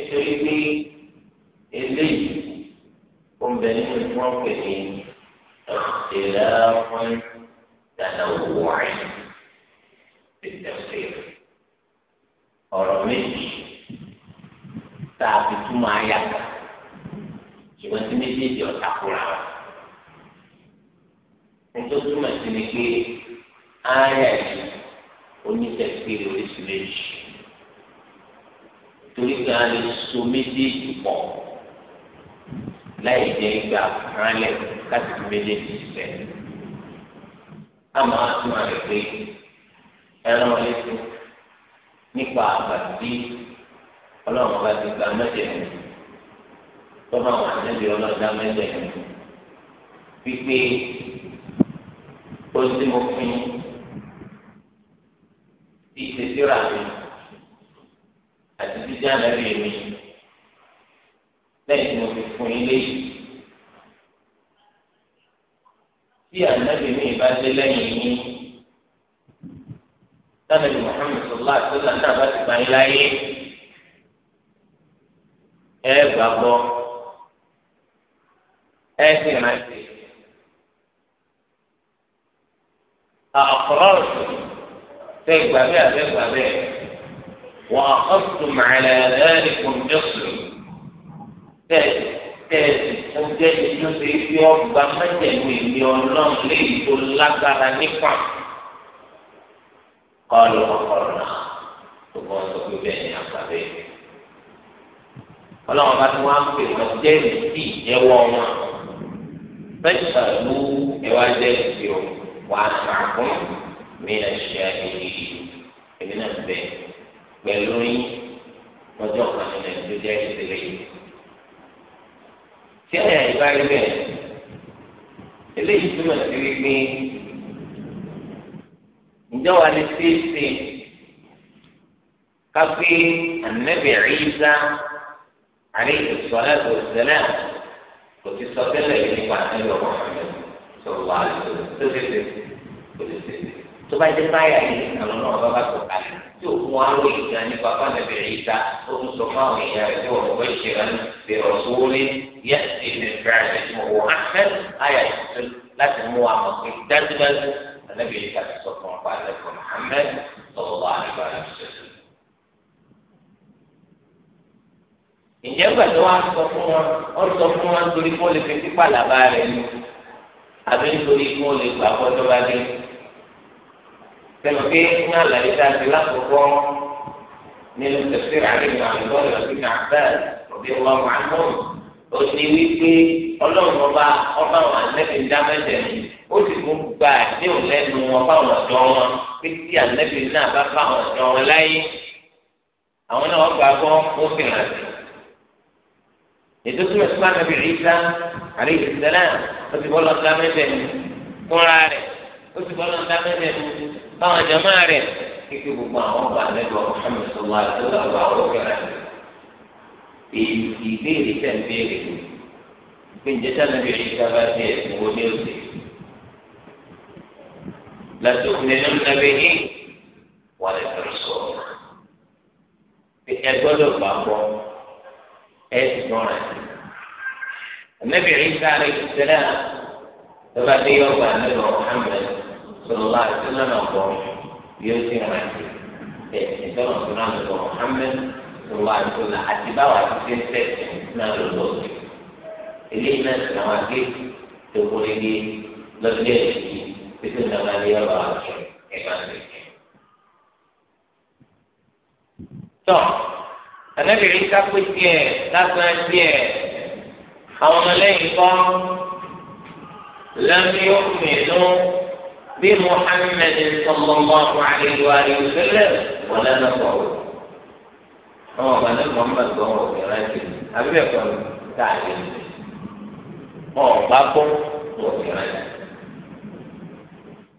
nítorí pé eléyìí ó ń bẹ nínú tí wọ́n pè ní ìlà fún dàdà wọ̀nyí ìdẹ̀sẹ̀ ọ̀rọ̀ méjì tá a fi túmọ̀ ayàtọ̀ ṣùgbọ́n tí méjèèjì ọ̀tá kura wọn. nítorí túmọ̀ sí ni pé ayà oníṣẹ́ ìpínlẹ̀ oríṣiríṣi torí pé a lè so méjèèjì pọ̀ láì jẹ́ ìgbà ránlẹ̀ láti fi méjèèjì sílẹ̀. a máa tún àrẹ̀ pé ẹran létí nípa àbàtì ọlọ́run bá ti gba mẹ́jẹ̀ẹ́nì tó máa wà níbi ọlọ́dá mẹ́jẹ̀ẹ́nì wípé ó sì mọ fún yín ti mi àti jíjẹ́ ànábì mi lẹ́yìn tí mo fi fún yín léyìí. Tí ànábì mi bá dé lẹ́yìn yín, sanabi Muhammad sallallahu alaihi wa náà bá ti bá yín láyé. Ẹ gbàgbọ́, ẹ sì rántí. Àkọ́rọ́ ṣe gbàgbé àbẹ́gbàgbé. وأخذتم على ذلك إصري tẹ́ẹ̀sì fún jẹ́ni tó ṣe fi ọgbà mẹ́tẹ̀ẹ̀mú ìlú ọlọ́run léyìí tó lágbára nípa kọlu ọkọlù náà tó bọ́ sọ pé bẹ́ẹ̀ ni àgbàdo yìí. ọlọ́run bá tí wọ́n á pè wọ́n jẹ́rìí sí ìjẹ́wọ́ wọn fẹ́ẹ̀sà ló ẹwà jẹ́rìí sí o wàá sàkún mí ẹ̀ ṣe àyè yìí èmi náà bẹ́ẹ̀. pẹ̀lú yín ọjọ́ kan ní nàìjíríà ìṣẹ̀lẹ̀ yìí. tí a yà ẹ̀ jẹ́ ìṣẹ̀lẹ̀ yìí. tí a ya ìbá rí bẹ́ẹ̀ eléyìí túmọ̀ sí wípé ǹjọ́ wa lè ṣe é ṣe ká pé ànábì ari alayhi salatu wassalam kò ti sọ tẹ́lẹ̀ yìí nípa àtẹ́lẹ̀ ọ̀hún ṣọlá àlùfẹ́ tó ṣe e ṣe kò lè ṣe e ṣe. tó bá dé báyà yìí àwọn náà bá bá sọ̀ka tí o fún wa ló ìgbà ní bàbá bẹ̀bẹ̀ rẹ̀ ta ó ń sọ fún àwọn èèyàn rẹ̀ tí wọ́n bẹ̀ ṣe rẹ̀ bí ọ̀sùn orí yẹ ẹ̀mí fẹ́rẹ̀ rẹ̀ tí mo wọ ahmed ayà tuntun láti mú wa mọ̀ ìjẹ́ gbàdúrà wa sọ fún wọn ó sọ fún wọn nítorí kí wọ́n lè fi pípàlà bá rẹ̀ ni àbí nítorí kí wọ́n lè gbà sẹ́nu pé ní àlàyé tá a ti lákòókò nínú tẹ̀síra àríyìn àlùbọ́ ìrọ̀lẹ́ náà bẹ́ẹ̀ òbí wọn máa ń mú o ní wípé ọlọ́run ọba ọba àwọn ànẹ́bí ń dá mẹ́jẹ̀ ni ó sì mú gba àdéhùn lẹ́nu wọn fáwọn ọ̀dọ́ wọn pé tí ànẹ́bí náà bá fáwọn ọ̀dọ́ wọn láyé àwọn náà wọ́n gbàgbọ́ ó fi hàn sí. ètò tí wọ́n ti máa nàbí ìrísá àríyìn ìsẹ́lẹ̀ ó ti bọ́ lọ́ọ́ dá mẹ́jẹ̀ ni fúnra rẹ̀ ó ti bọ́ lọ́ọ́ dá mẹ́jẹ̀ ni báwọn jama rẹ kíkí gbogbo àwọn ọba àlejò Muhammad sallallahu alaihi wa sallam àwọn ọkẹrẹ ìbéèrè tẹ ń béèrè pé njẹ tá nàbí ẹni ká bá tiẹ̀ ń wo ní òsè làtò nínú nàbí yìí wà lè fẹ́ sọ ẹ gbọ́dọ̀ gbà bọ ẹ sì rọra nàbí ẹni ká rẹ ti ṣẹlẹ̀ àbá dé yọgbà nàbí Muhammad. sallallahu alaihi wasallam ọ̀pọ̀ yóò ti rìn àti bẹ́ẹ̀ ìtọ́nà tó náà lọ́wọ́ Muhammad sallallahu alaihi wasallam àti báwa ti ṣe ń tẹ̀ náà lọ lọ́wọ́ eléyìí náà sì náà gé tó kórè gé lọ́dún ẹ̀ sí títí náà máa ní ọ̀rọ̀ àṣọ ẹ̀ka ń tẹ̀. tọ́ ẹ̀nẹ́bìrin ká pé tiẹ̀ lásán tiẹ̀ àwọn ọmọlẹ́yìn kọ́ lẹ́nu yóò mìíràn. بمحمد صلى الله عليه وآله وسلم ولا نفعه ọmọ ọba محمد muhammed gbọ́n òkè rántí abẹ́bẹ̀ kan káàdì ọba gbọ́n òkè rántí.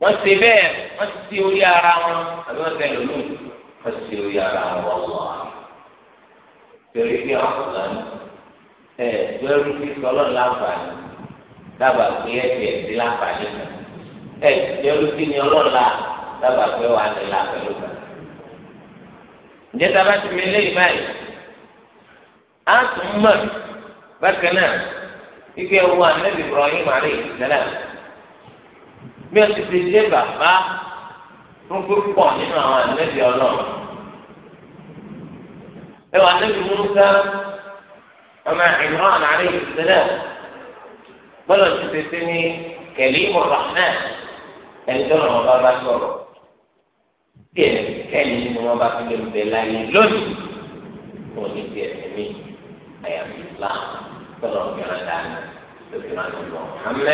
wọ́n ti bẹ́ẹ̀ wọ́n ti ti orí ara wọn àbí wọ́n ti ẹ̀rọ lónìí wọ́n ti ti orí ara wọn wọ́n wá. torí bí ọ̀pọ̀lọ́ ẹ̀ gbẹ́rú sí sọlọ́ọ̀ láǹfààní dábàá pé ẹ̀jẹ̀ sí láǹfààní kan ẹ yọlu kí ni ọlọ́la dábàá pé wà nílá pẹ̀lú kan. ǹjẹ́ tábà ti mi léyìí báyìí á tún mọ̀ bákan náà ike wo anabi Ibrahim alayhi salam bí o ti fi dé bàbá fún púpọ̀ nínú àwọn anabi ọlọ́run ẹ wà anabi Musa ọmọ Imran alayhi salam bọ́lá ti tètè ní kẹlí mọ̀ràn náà ẹni tó lọ́wọ́ bá bá sọ̀rọ̀ tí ẹni kẹ́ni nínú wọn bá fi lè bẹ̀ láyé lónìí wọn ní ti ẹ̀sìn mi àyàfi Islam tọ́lọ̀ ọ̀gbìnrin dání lókè máa ń lọ Muhammad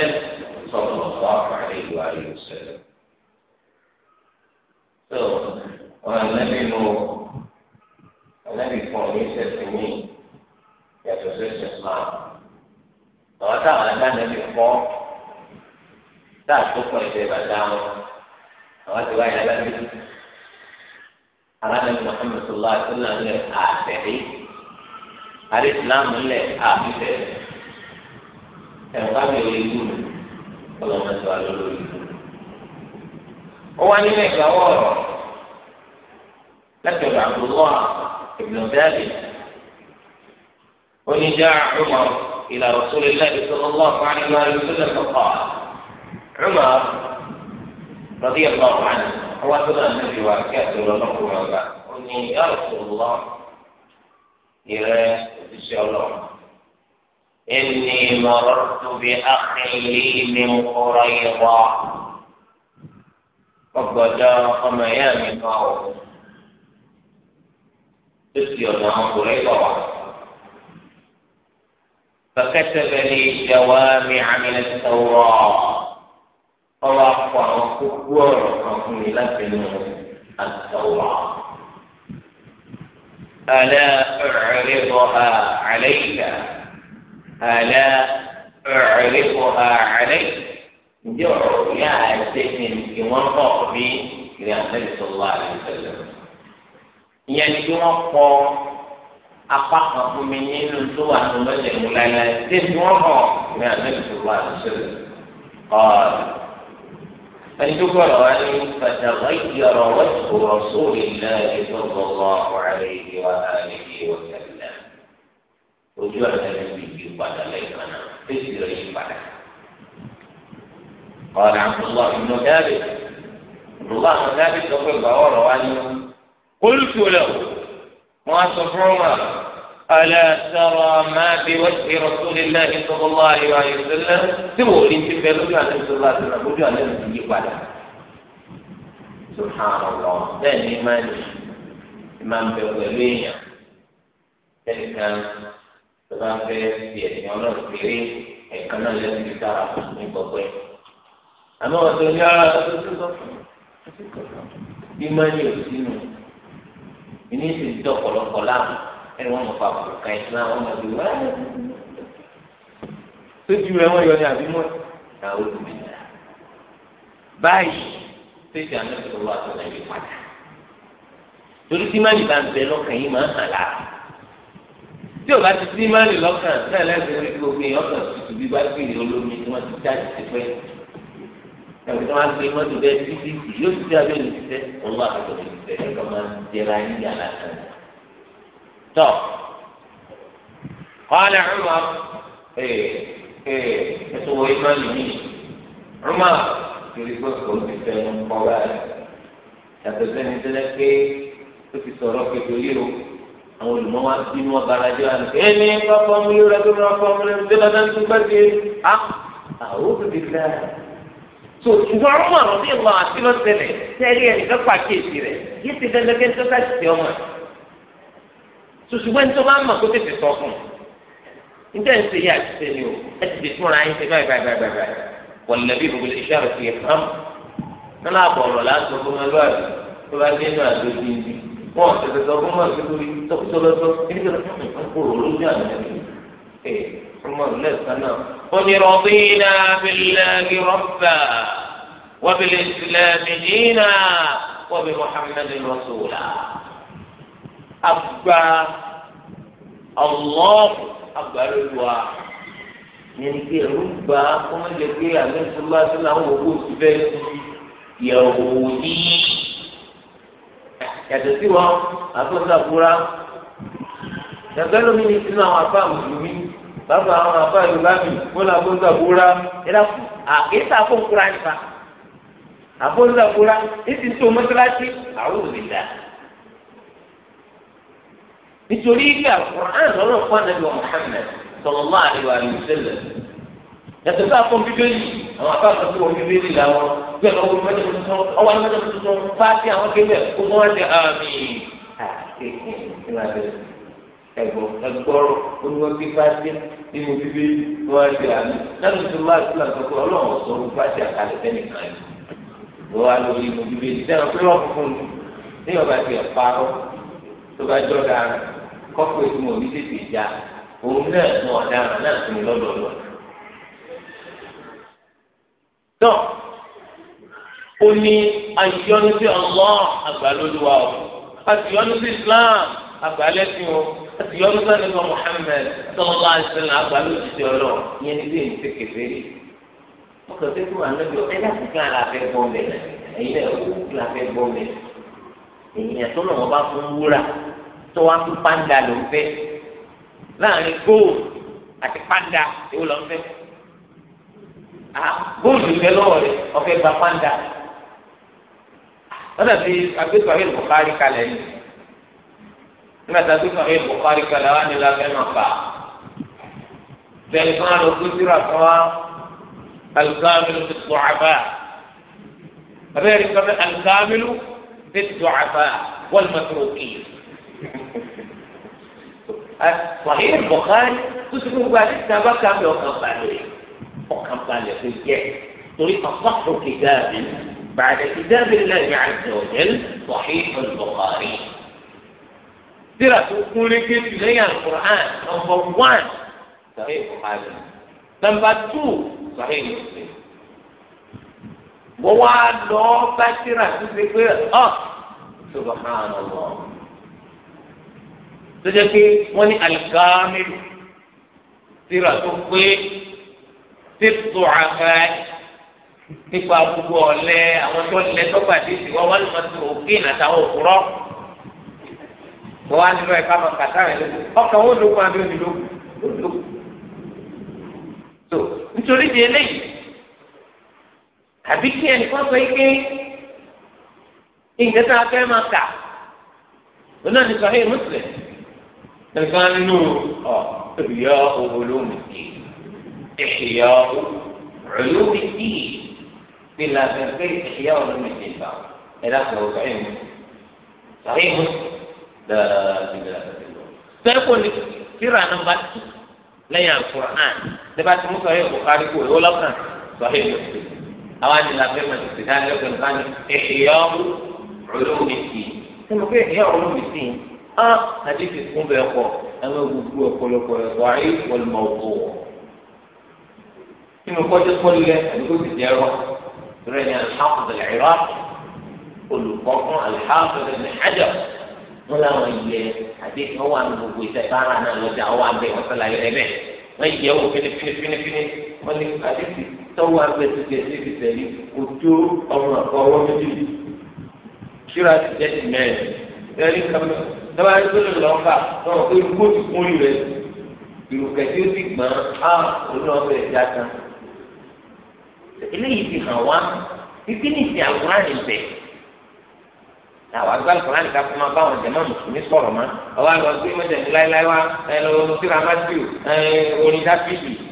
sọ̀rọ̀ ọ̀gbọ́n àfààní ìlú àríwá sẹ́lẹ̀. tó wọn lẹ́bi mú ọlẹ́bi fún ọ ní sẹ́sìn mi yàtọ̀ sẹ́sìn Islam àwọn táwọn adáná ti fọ́ táà tó kàn ṣe bàtà wọn àwọn ti wáyé alábí alábí muhammed sọlá àtúnlá ńlẹ àtẹrí àrí islam ńlẹ àfífẹ ẹnìkan mi ò lè gbúrú ọlọmọ tó wà lórí gbúrú. ó wá nínú ìgbàwọ ọ̀rọ̀ láti ọ̀dọ̀ àbúrò ibn Dali oníjà Umar ila Rasulillah sallallahu alaihi wa sallam faqala. عمر رضي الله عنه هو تبع النبي وكاته لنقوم وكاته قلني يا رسول الله إلى رسول الله إني مررت بأخ لي من قريظة فبدا قميان قوم تسيرنا قريظة فكتب لي جوامع من التوراة ọwọ́ akọ àwọn kókó ọ̀rọ̀ kan fún mi láti inú àtọwà. ألا أعرضها عليك ألا أعرضها عليك جروا يا سيدنا في منطق بي لأن صلى الله عليه وسلم يعني في منطق apá kan fún mi nínú tó wà nínú lọ́jọ́ ìmúláyà tẹ́sí wọ́n hàn ní àná ìṣòro àti ìṣẹ̀lẹ̀ الجبر أن فتغير وجه رسول الله صلى الله عليه وآله وسلم وجعل النبي بعد في فسر بعد قال عبد الله بن ثابت عبد الله بن ثابت يقول قلت له ما صفر ألا ترى ما في وجه رسول الله صلى الله عليه وسلم تقول أنت في رجوع النبي صلى الله عليه وسلم رجوع النبي سبحان الله بين إيمان إيمان بالغيبية تلك تبقى في أسيان الكريم كان الذي ترى من بقوي أما وسيلة إيمان يسينه إني سيدو قلق ẹni wọn mọ fà bùkà ìsìlá wọn mọ bí wọn sójú rẹ wọn yọ ní àbímọ náà ó dùn bìnnà báyìí sèjì àmẹsọrọ wà tó náà yí padà torí tí má nìbà ń bẹ lọ́kàn yìí máa ń hàn lára tí o bá ti sí má nì lọ́kàn náà lẹsẹ orí gbogbo èèyàn kan tutù bí bá gbé ìlú olómi tí wọn ti jáde ti pẹ́ ẹ̀rọ tí wọn gbé mọ́tò bẹ́ẹ̀ títí yóò ti dé abẹ́lé ti tẹ́ òun wà lọ́kàn tó ti tẹ́ ẹ̀ka tọ́ kọ́lẹ̀ ọmọ ee ee ẹ̀sùn wo iná nìyí ọmọ torí pé kò ti fẹ́nu kọ́ báyìí yàtọ̀ sẹ́ni tẹ́lẹ̀ pé ó ti sọ̀rọ̀ kékeré o àwọn olùmọ̀ wa bínú ọ̀gára jẹ́ àná ẹ̀ ní pápá múlẹ̀ rẹ̀ tó rán pápá múlẹ̀ rẹ̀ tó lọ́dọ̀ tó gbẹ́ sí a àwọn òbí lẹ́ so ṣùgbọ́n ọmọ àwọn ọdún ìwọ̀n àti lọ́sẹ̀lẹ̀ tẹ́lẹ̀ ẹ̀ nìkan pàkíyèsí rẹ̀ yìí ti dẹ́lẹ́gẹ́ sòṣùgbọ́n ní tó bá mọ̀ kó tètè sọ fún un níta ń ṣe yé àti ṣe ni o ẹ ti dè fúnra yín ṣe báyìí báyìí báyìí báyìí wọ́n lè bí gbogbo iṣẹ́ rẹ̀ fi yẹ fún un nínú àbọ̀ ọ̀rọ̀ láti ọkọ̀ máa lọ àbí tó bá dé inú àdó di ibi wọ́n tètè sọ fún mọ̀ lórí tọ́kítọ́lọ́tọ́ níbi tó ń kúrò lójú àná ẹ̀ ọmọ lẹ́sàn-án náà ó ní rọ́bìnà bíláàgì rọ́bà wọ́n bí agba ọlọ́ọ̀ agbálólúwa yẹnni pé ẹ̀rú gba kọ́mọ́jẹ pé àmẹ́sọ́lá tó náà wò ó ti fẹ́ yẹ̀wò ní. yàtọ̀ sí wọn àtúntàkúrá yàtọ̀ lómi ní sínú àwọn afá mùsùlùmí bàbá àwọn afá yorùbá mi fún àtúntàkúrá yàtọ̀ àkéésà àfọ̀nkúrá nípa àfọ̀ntàkúrá ètí tó mọ́tàlá sí àwọn òbí dáa nítorí ilé àkùrán lọ́rọ̀ fún anabi wa Muhammad sallallahu alaihi wa sallam yàtọ̀ sí àpọn bíbélì àwọn afáàfọ tó wọ bíbélì làwọn bí ọ̀nà ọ̀gbìn mẹ́tẹ̀ tuntun ọwọ́ àwọn mẹ́tẹ̀ tuntun fáàtì àwọn kébẹ̀ kó wọ́n wá sí àmì ẹgbọ́rọ̀ oníwọ́n bí fáàtì nínú bíbélì wọ́n wá sí àmì lẹ́nu tó wá sí àtọ́kọ ọlọ́run ọ̀sọ́ ọ̀run fáàtì tó bá jọ dára kọ́pù ètò mọ̀ ní tètè já òun náà tún ọ̀daràn náà tún lọ́dọọdọ. tó o ní àyọnu sí Allah àgbàlódúwa o àtìyọnu sí Islam àgbàlẹ́sìn o àtìyọnu sí àníkàn Muhammad sallallahu alaihi wasallam àgbàlódúsí ọlọ́ ìyẹn ní bí èyí ti kékeré wọ́n kàn sí fún àná bí ọ̀ẹ́dá sí kan àlàfẹ́ gbọ́n bẹ̀rẹ̀ ẹ̀yin náà ó kú àlàfẹ́ gbọ́n bẹ̀rẹ̀ èèyàn tó lọ́wọ́ bá fún wúrà tó wá fún pàǹdà ló ń fẹ́ láàrin góòlù àti pàǹdà èwo ló ń fẹ́ góòlù ń bẹ lọ́wọ́ rẹ̀ ọ̀fẹ́ gba pàǹdà lọ́dà tí agbésọ̀ ayé bùkárí kalẹ̀ ni nígbà tí agbésọ̀ ayé bùkárí kalẹ̀ wà ní lábẹ́ máa fà bẹ́ẹ̀ kan ló kó síra fún wa alukamilu ti sọ̀ àbá abẹ́rẹ́ بالضعفاء والمتروكين أه، صحيح البخاري تسمو بالك تابع كم يوم بالك وكم بالك في الجهل تريد تصح كتاب بعد كتاب الله عز وجل صحيح البخاري ترى تقول كيف زي القرآن نمبر 1 صحيح البخاري نمبر 2 صحيح مسلم wọ́n wá lọ bá síra tó ṣe pé ọ́ subhanallah tó jẹ́ pé wọ́n ní alikamilu síra tó pé títù àfẹ́ nípa gbogbo ọ̀lẹ́ àwọn tó lẹ tọ́gbà dídì wọ́n wá lọ́mọ tó òkè nàtàwọn òkúrọ́ wọ́n wá nínú ẹ̀ka máa kàtà rẹ̀ lóko ọkàn wọn lóko àbí onílóko lóko. tó nítorí di eléyìí. àbí kí ẹnìkan sọ yìí pé nǹkan tá a máa kà ó náà ní sọ sahih muslim nǹkan nínú ọ̀ ìyá í ìyá olómìnì nílà fẹ́fẹ́ ìyá olómìnì bá ẹ̀dá kan ò sahih muslim sahih muslim dáadáa sẹ́kùn ní tíra nàmbá tù lẹ́yìn àkùrán nígbà tí mo sọ yẹ kó kárí kó ìwọ́lọ́kàn sahih muslim. àwọn àti làbẹ́ mẹ́tò ti dáná lẹ́kọ̀ọ́ nǹkan ní ìhìyọ́ olómìtì sínú pé ìhìyọ́ olómìtì á àti fìfún bẹ́ẹ̀ kọ ẹ̀mẹ́ gbogbo ọ̀pọ̀lọpọ̀ ẹ̀kọ́ ayé wọlùmọ̀ ọ̀pọ̀ nínú kọ́jú pọ́lẹ́ ẹ̀dúgbò ti jẹ́ rọ rẹ̀ ní alhamdulilayi ẹ̀rọ olùkọ́ fún alhamdulilayi ẹ̀jọ̀ wọn làwọn yẹ àdéhùn wà ní gbogbo iṣẹ́ bára náà lọ́jà wọn wà bẹ́ẹ̀ tọ́wọ́ agbẹ́sẹ̀kẹ́ síbi tẹ̀lé ojú ọmọ ọ̀pọ̀ ọwọ́ méjì kíra ti jẹ́ ti mẹ́rin tẹ́lẹ̀ kàmẹ́ tọ́wọ́ agbẹ́sẹ̀kẹ́ lọ́fà náà pé kó ti kún rí rẹ̀ ìrùkẹ́ tí ó ti gbọ́n á òun ọ̀fẹ́ ìjà kan. eléyìí ti hàn wá ibi ní ìsìn àwòrán ìbẹ̀ àwọn agbára kan láti ká fún ma báwọn jẹmọ mùsùlùmí sọ̀rọ̀ ma àwọn àgbà gbé mẹjẹ ní láéláé wa ẹ lọ síra matthew ẹ orin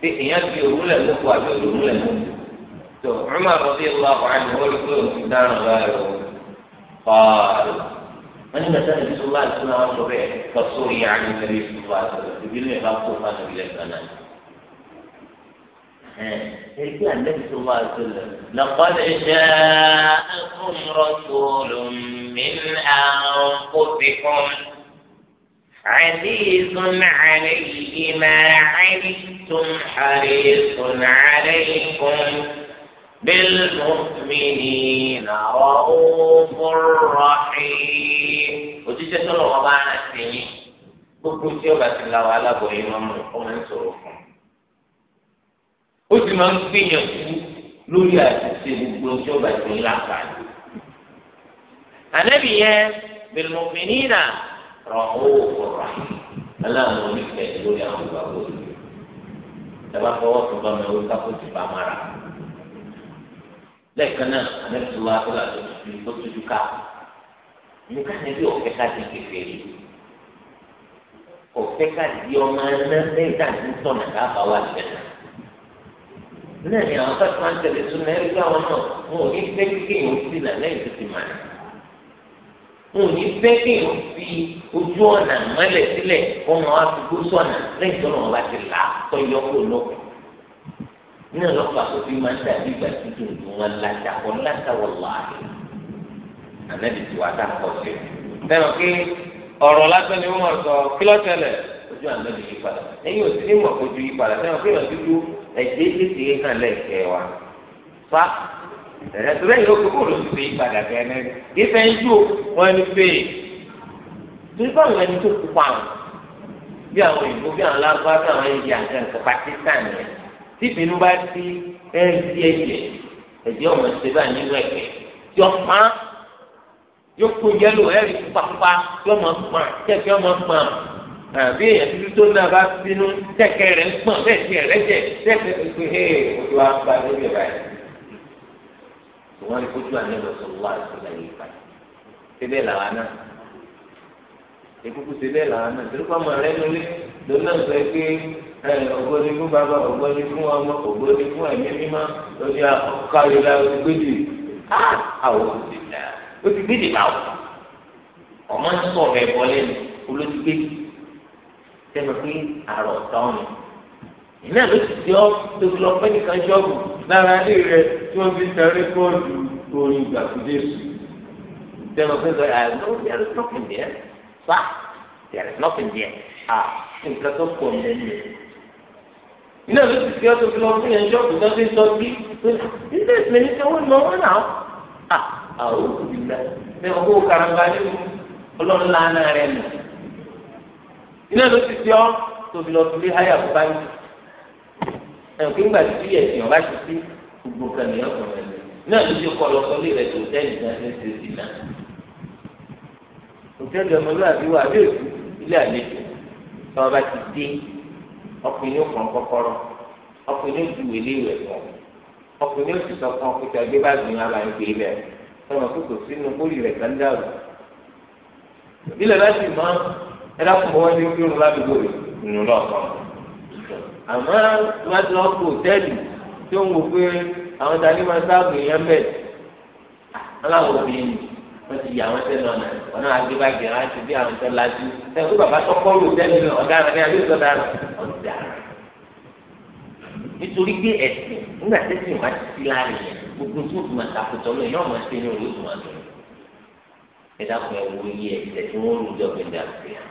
pé èèyàn fi òwúlẹ̀ lóko àbí òwúlẹ̀ lóko tó ọmọ àbọ̀bí ìlú àwọn àmì olùkọ́ òfin dáhùn báyìí o kọ́ọ̀lù wọ́n ní bàtà nàbí sọ́lá àti sọ́lá wọn sọ bẹ́ẹ̀ kọ́sọ́ ìyá àmì nàbí sọ́lá àti ìbílẹ̀ ìbá kó fún àmì ìlẹ̀ kanáà ẹ̀ẹ́dì pé ànábì tó wà sílẹ̀ lọ́kọ́dé ṣe ẹ̀kún rọ́tò lómi ní àwọn kó fi kún. عزيز عليه ما عنتم حريص عليكم بالمؤمنين رؤوف رحيم òjíṣẹ́ tó lọ́wọ́ bá rán sí yín gbogbo tí ọba ti la wa aláboyún ọmọ ọmọ ń sọ̀rọ̀ fún un ó sì máa ń gbìyànjú lórí àtúnṣe gbogbo tí ọba ti ń láǹfààní. ànábì yẹn bẹ̀rù mọ̀mí nínà رؤوف رحيم aláwọn onífẹ̀ lórí àwọn ìgbàgbọ́ òdodo ìjọba fọwọ́ tó bá mi wí kápò ti bá mara lẹ́ẹ̀kan náà anẹ́tù wa tó làtọ̀ tuntun tó tuntun ká ní káyọ̀ bí ọ̀fẹ́ ká di kẹfẹ́ yìí ọ̀fẹ́ ká ọmọ ẹ̀ná lẹ́yìn tá tọ̀nà káàbà wà lẹ́nà náà ni àwọn sọ́kùnrin tẹ̀lé súnmọ́ ẹ̀rí bí àwọn náà wọn ò ní fẹ́ kéèyàn sí là lẹ́yìn tó ti mà náà wọn ò ní fẹ́ kí èèyàn fi ojú ọ̀nà mọ́lẹ̀ sílẹ̀ ọmọ wa fi gbó sọ̀nà lẹ́yìn tó lọ́wọ́ bá ti là á tọ́ yọ kó lọ́kùn. nínú ọlọ́pàá tó fi máa ń dàbí ìgbà tí dundun wọn lájà kọ́ lájà wọ̀ láàyè. ànábì tí wàá dàpọ̀ sí i. lẹ́nu pé ọ̀rọ̀ lásán ni wọ́n sọ kí ló tẹ̀lẹ̀ ojú ànábì yí padà ẹ̀yìn ò sí ní mọ̀ ojú yí padà lẹ́nu pé ìrọ̀jú ẹ̀rẹ́dúrẹ́ yìí ó kó bóòlù ti fèyí padà bẹ́ẹ̀ náà kí fẹ́ẹ́ ju wọn ni fèyí torí báwọn ẹni tó kú pa àwọn bí àwọn òyìnbó bí àwọn lágbá bí àwọn ẹni di àgbà nǹkan Pakistan yẹn tí ìbínú bá ti ẹ̀ẹ́dì ẹ̀jẹ̀ ẹ̀jẹ̀ ọmọ ṣe bá nínú ẹ̀kẹ́ tí ó pa yóò kó yẹlò ẹ̀rí pàpà tí ọmọ pa kẹ̀kẹ́ ọmọ pa àbí èèyàn tuntun tó náà bá bínú tẹ̀kẹ́ rẹ̀ ń pọ̀n bẹ́ẹ̀ tiẹ̀ rẹ̀ jẹ̀ tẹ̀kẹ́ tuntun ṣùgbọ́n ní kójú àníbọ̀ sọ̀rọ̀ àìsàn yìí padà síbẹ̀ làwọn náà ìkúkú síbẹ̀ làwọn náà torí pàmò rẹ nílé lónà ń sọ pé ògbóni fún bàbá ògbóni fún ọmọ ògbóni fún ẹ̀mí mímọ́ lórí ọ̀kàlùlà ògbédì àwọn ògbédì ó ti gbédì báwò ọmọ ń sọ̀rọ̀ ẹ̀bọ lẹ́nu olójú gbédì sẹ́nu pé àrò ọ̀tọ́ ni ìnáà ló ti di ọ́ tó lọ pẹ́ nìkan ṣọ́ọ̀bù lára ilé rẹ̀ tí wọ́n fi ń tẹ̀lé kóòdù orin ìgbàkúndé sùn. Then of course, I know there is nothing there. Sir, there is nothing there. Ah, nǹkan tó pọ̀ nílẹ̀. Iná ló ti fi ọtún fi lọ fún yẹn ṣọ́ọ̀bù tó fi ń sọ bí. Ilé ìsinmi ní owó ni wọ́n náà. Ah, àwọn òkùnrin náà. Ṣé o kó karamba nínú ọlọ́run lánà rẹ̀ nù? Iná ló ti fi ọ́ tó fi lọ fún bí háyà fún báyìí. Ẹ̀kú ìgbà tí ẹ̀sìn ọ̀bá gbogbo kan ní ọkùnrin rẹ náà ló ti kọ lọsọlé rẹ tó tẹ́ nìkan ní ti ti náà òtẹ́ẹ̀lì ọmọlúwàbí wà bí òkú ilé àlejò tí wọ́n bá ti dé ọkùnrin yóò kàn kọ́kọ́rọ́ ọkùnrin yóò ju ìwé léwẹ̀ fún ọkùnrin yóò sì sọ fún ọkùnrin àgbẹ̀ bá gbìyànjú àbáyé pé ilẹ̀ ọmọ kókò sínú kórì rẹ̀ kan dàrú ìbílẹ̀ láti mọ ẹ̀dá fún àmọ́ wọ́n ti òtẹ́ẹ̀lì tó ń wò pé àwọn tani máa sáàbù yẹn bẹ̀ aláwọ̀ obìnrin wọ́n ti yà àwọn tẹ́ lọ nà ọ̀nà àgbébàgbé rántí bí àwọn tẹ́ lajú ẹ̀ fún bàbá tó kọ́ ló tẹ́lẹ̀ lọ ọ̀daràn ní abẹ́ ìsọ̀daràn ọ̀daràn nítorí pé ẹ̀sìn nígbà tẹ́sí wá ti sí láàrin yẹn gbogbo tó tún máa takùtọ̀ lọ yẹn ọ̀mọ̀ ṣe ní orí òtún àná ẹ̀ dákun ẹ̀ wo iye ẹ̀sẹ̀ tí wọ́n rú jọ gbẹ̀dẹ̀ àgbẹ̀yà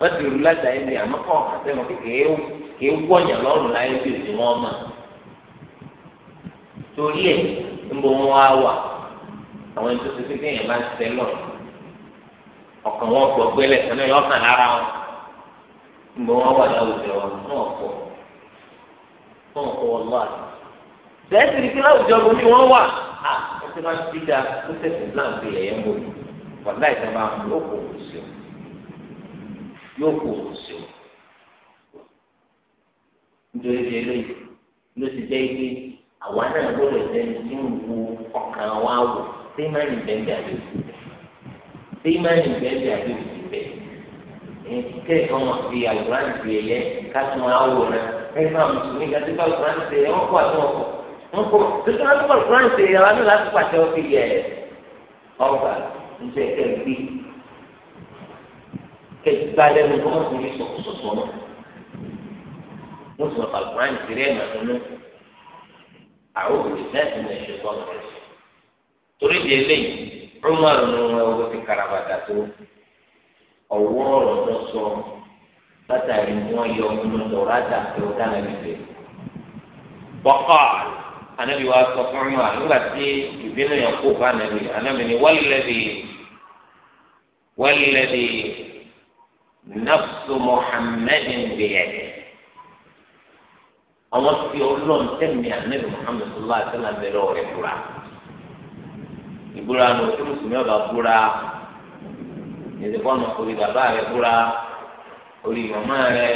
wọ́n ti rú látàrí ẹ̀mí àmọ́ kọ́ àtẹ̀mọ́ kékeré wọ́nyà lọ́rùn láyé bí òsì wọn mọ̀ torí ẹ̀ ń wọn á wà àwọn ètò tuntun tí bá ń lọ ọkàn wọn gbọ gbẹlẹ sọlẹ yọ ọkàn lára wọn ń wọn wà láwùjọ wọn náà pọ náà pọ wọn lọ àti bẹ́ẹ̀ sì ni kí láwùjọ wọn ni wà á ti máa ó tẹsí náà fi o sí o yóò àwa náà gbọ́dọ̀ jẹ́ni tí ń wo ọkàn wa wò tí má ní bẹ́ẹ̀ni àdéhùn tí má ní bẹ́ẹ̀ni àdéhùn ti bẹ̀. Nkẹ́ ọmọ fi àwòrán ti ẹ̀yẹ kásùn àwòrán ẹgbẹ́ àwọn mùsùlùmí gàdí bá àwòrán ti ẹ̀yẹ wọ́n kọ́ àti wọn kọ́. Wọ́n kọ́ tuntun àwòrán ti ẹ̀yẹ wa ní láti pàṣẹ ọ̀fi yẹ ọgbà ńṣe kẹ́ gbé kẹ́ gbá lẹ́nu kọ́ mọ́tò ní sọ̀kọ̀sọ̀kọ̀ mọ́. Mo sọ̀rọ̀ àwòrán ti rẹ̀ màdúnú àwọn òbílẹ̀ ti lè ṣe tọ́ ọ̀rọ̀ rẹ̀ torí di eléyìí Umar ní ọwọ́ ti karabata tó ọwọ́ ọ̀rọ̀ tó sọ látàrí wọn yọ ọmọ lọ́rọ̀ àtàkì ọ̀dà nàìjíríà bọ́kọ́ anabi wa sọ fún mi wa nígbà tí ìbínú yẹn kó bá anabi anabi ni wàlẹ́dì wàlẹ́dì nafsu muhammadin bìyẹn àwọn fi ọlọ́run tẹ̀mí ànábì muhammed sọlá àtẹlà bẹ̀rẹ̀ ọ̀rẹ́ búra ìbúra nù tí mùsùlùmí ọba búra ìdìbọ́nù orí bàbá rẹ búra orí màmá rẹ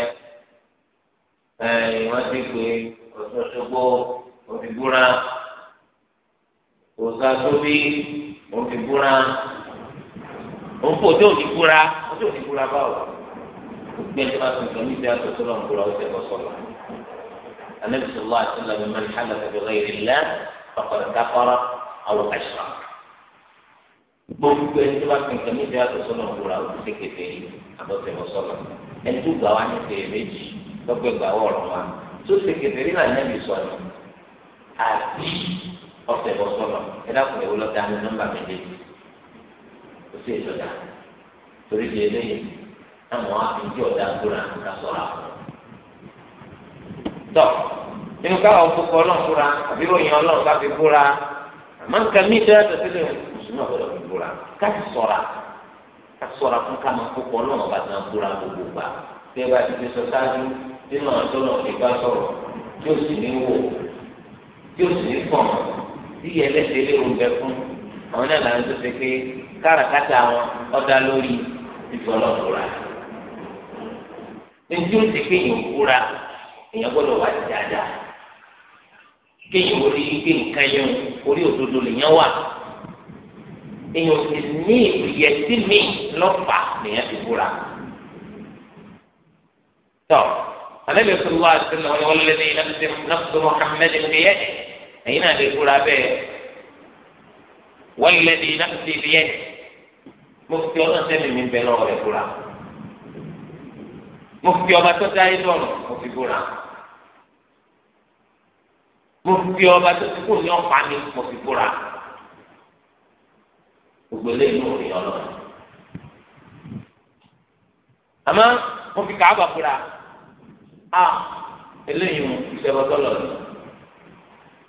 ẹ̀yìn wọ́n ti pè ọ̀ṣọ́ṣọ́gbó òfin búra òṣà tóbi òfin búra òǹkó tó òfin búra òtó òfin búra báwò gbẹ̀dẹ́ bá tuntun níbi àtọ̀tọ̀ lọ́nbúra ó tẹ̀ bọ́ sọ̀rọ̀. النبي صلى الله عليه وسلم من حلف بغير الله فقد كفر أو أشرك gbogbo ẹni tó bá fi nǹkan méjì yàtọ̀ sọ́nà òwúrọ̀ àwọn tó kéke fèrè àbọ̀tẹ̀ wọ sọ́nà ẹni tó gbà wá ní fèrè méjì lọ́gbẹ̀ gbà wọ̀ ọ̀rọ̀ wa tó kéke fèrè náà nẹ́bi sọ̀nà àti ọ̀tẹ̀ wọ sọ́nà ẹ dákun ẹ̀wọ́ lọ́tà ní nọ́mbà méjèèjì ó sì èso dà torí di eléyìí àwọn àfijì ọ̀dà gbóra ká sọ̀rọ̀ àwọn tọ nínú káwọn fúnpọ Ọlọ́run fúnra àbí ròyìn Ọlọ́run ká fi fúnra àmọ́ nǹkan mí ìṣẹ́ yàtọ̀ sílẹ̀ mùsùlùmí ọ̀gbọ́dọ̀ fi fúnra ká sì ṣọ́ra ká ṣọ́ra fún ká máa fúnpọ Ọlọ́run bá ti máa fúnra gbogbo gbà bí ẹ bá ti fi sọ sáájú nínú àtọ́nà ìgbà sọ̀rọ̀ tí ó sì ní wò tí ó sì ní kàn tí ẹlẹ́sẹ̀ lè rò bẹ fún àwọn náà làwọn tó ṣe pé káràkátà wọn ọ̀dà lórí ìfọlọ́fura. Ní tí èèyàn gbọ́dọ̀ wá dáadáa kéèyàn orí gbé nǹkan yẹn orí òdodo lèèyàn wà èèyàn sì ní ìyẹsí mi lọ́fà lèèyàn ti búra. tọ́ àlejò sọ̀rọ̀ wá sí ọ̀nà wọn lé ní nàfṣẹ́ Muhammad ndéyẹ èyí náà lè búra bẹ́ẹ̀ wọ́n lé ní nàfṣẹ́ ndéyẹ mo fi ọlọ́sẹ̀ mi mi bẹ̀ lọ́wọ́ rẹ̀ búra mo fi ọba tó dáyé lọ́rùn mo fi búra mo fi ọba tó ti kú ní ọ̀pá mi mo fi búra gbogbo eléyìí ò rí ọlọ́run àmọ́ mo fi kàába búra a eléyìí mo fi ṣẹbọ tọ́lọ̀ ni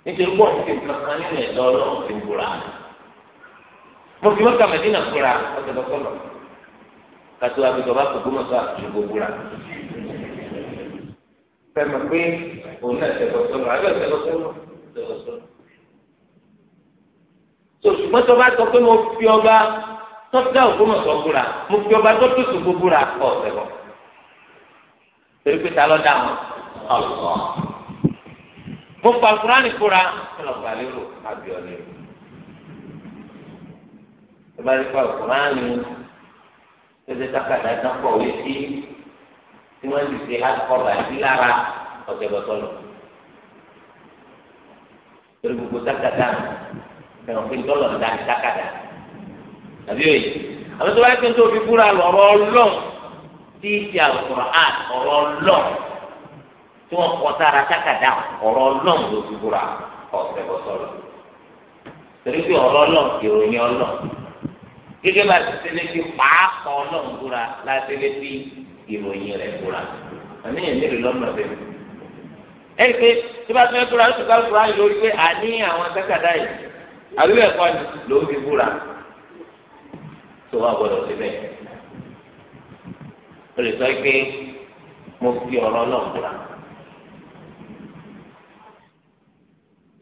nítorí pọ̀ ní kékeré kan nínú ẹ̀dọ́ ọlọ́run fi búra mo fi mọ́tà mẹ́dínà búra ọ̀sẹ̀ lọ́sọ̀lọ̀ kàtó àbíkọ̀ bá kò gbọ́mọ̀tò àti gbogbo búra fẹ́mi pé òun náà ṣẹ̀bọ̀ sọ́nù àbẹ̀ ṣẹ̀bọ̀ sọ́nù ṣẹ̀bọ̀ sọ́nù. tó ṣùgbọ́n tó bá sọ pé mo fi ọba tọ́tà ògbómọ̀ṣọ́ búra mo fi ọba tó tòṣù búra ọ̀ ṣẹ̀bọ̀ torí pé ta ló dá wọn ọ̀pọ̀ mo pa kúránì kúra ọlọ́pàá lérò àbíọ́ lérò ìbáraẹ̀kọ́ kúránì tó ṣe tákàdá dápọ̀ wí sí tí wọ́n lè ṣe àkọ́bà sí lára ọ̀tẹ̀bọ̀tọ̀ lọ. torí gbogbo sákàtà ẹ̀wọ̀n pé dọ́lọ̀ ń dání sákàtà àbí òye àwọn tó bá yẹ kí n tó fi búra lọ́rọ̀ ọlọ́ọ̀ tí í ṣe àwòrán ọ̀rọ̀ ọlọ́ọ̀ tí wọ́n kọ́ sára sákàtà ọ̀rọ̀ ọlọ́ọ̀ ló fi búra ọ̀tẹ̀bọ̀tọ̀ torí pé ọ̀rọ̀ ọlọ́ọ̀ ìròyìn ọlọ́ọ̀ gẹ́gẹ́ bá ti ṣe lé fi pàápàá ọlọ́ọ̀ búra láti lé fi ìròyìn rẹ̀ kúra àníyàn mélòó lọ́nà bẹ́ẹ̀. ẹ ẹ pé tí bá tún ẹ kúra lóṣù ká kúra yìí lórí pé àní àwọn sákàdá yìí àbíbẹ̀ ẹ̀kọ́ ni ló fi kúra tó wà gbọdọ̀ síbẹ̀. o lè sọ pé mo fi ọ̀rọ̀ náà kúra.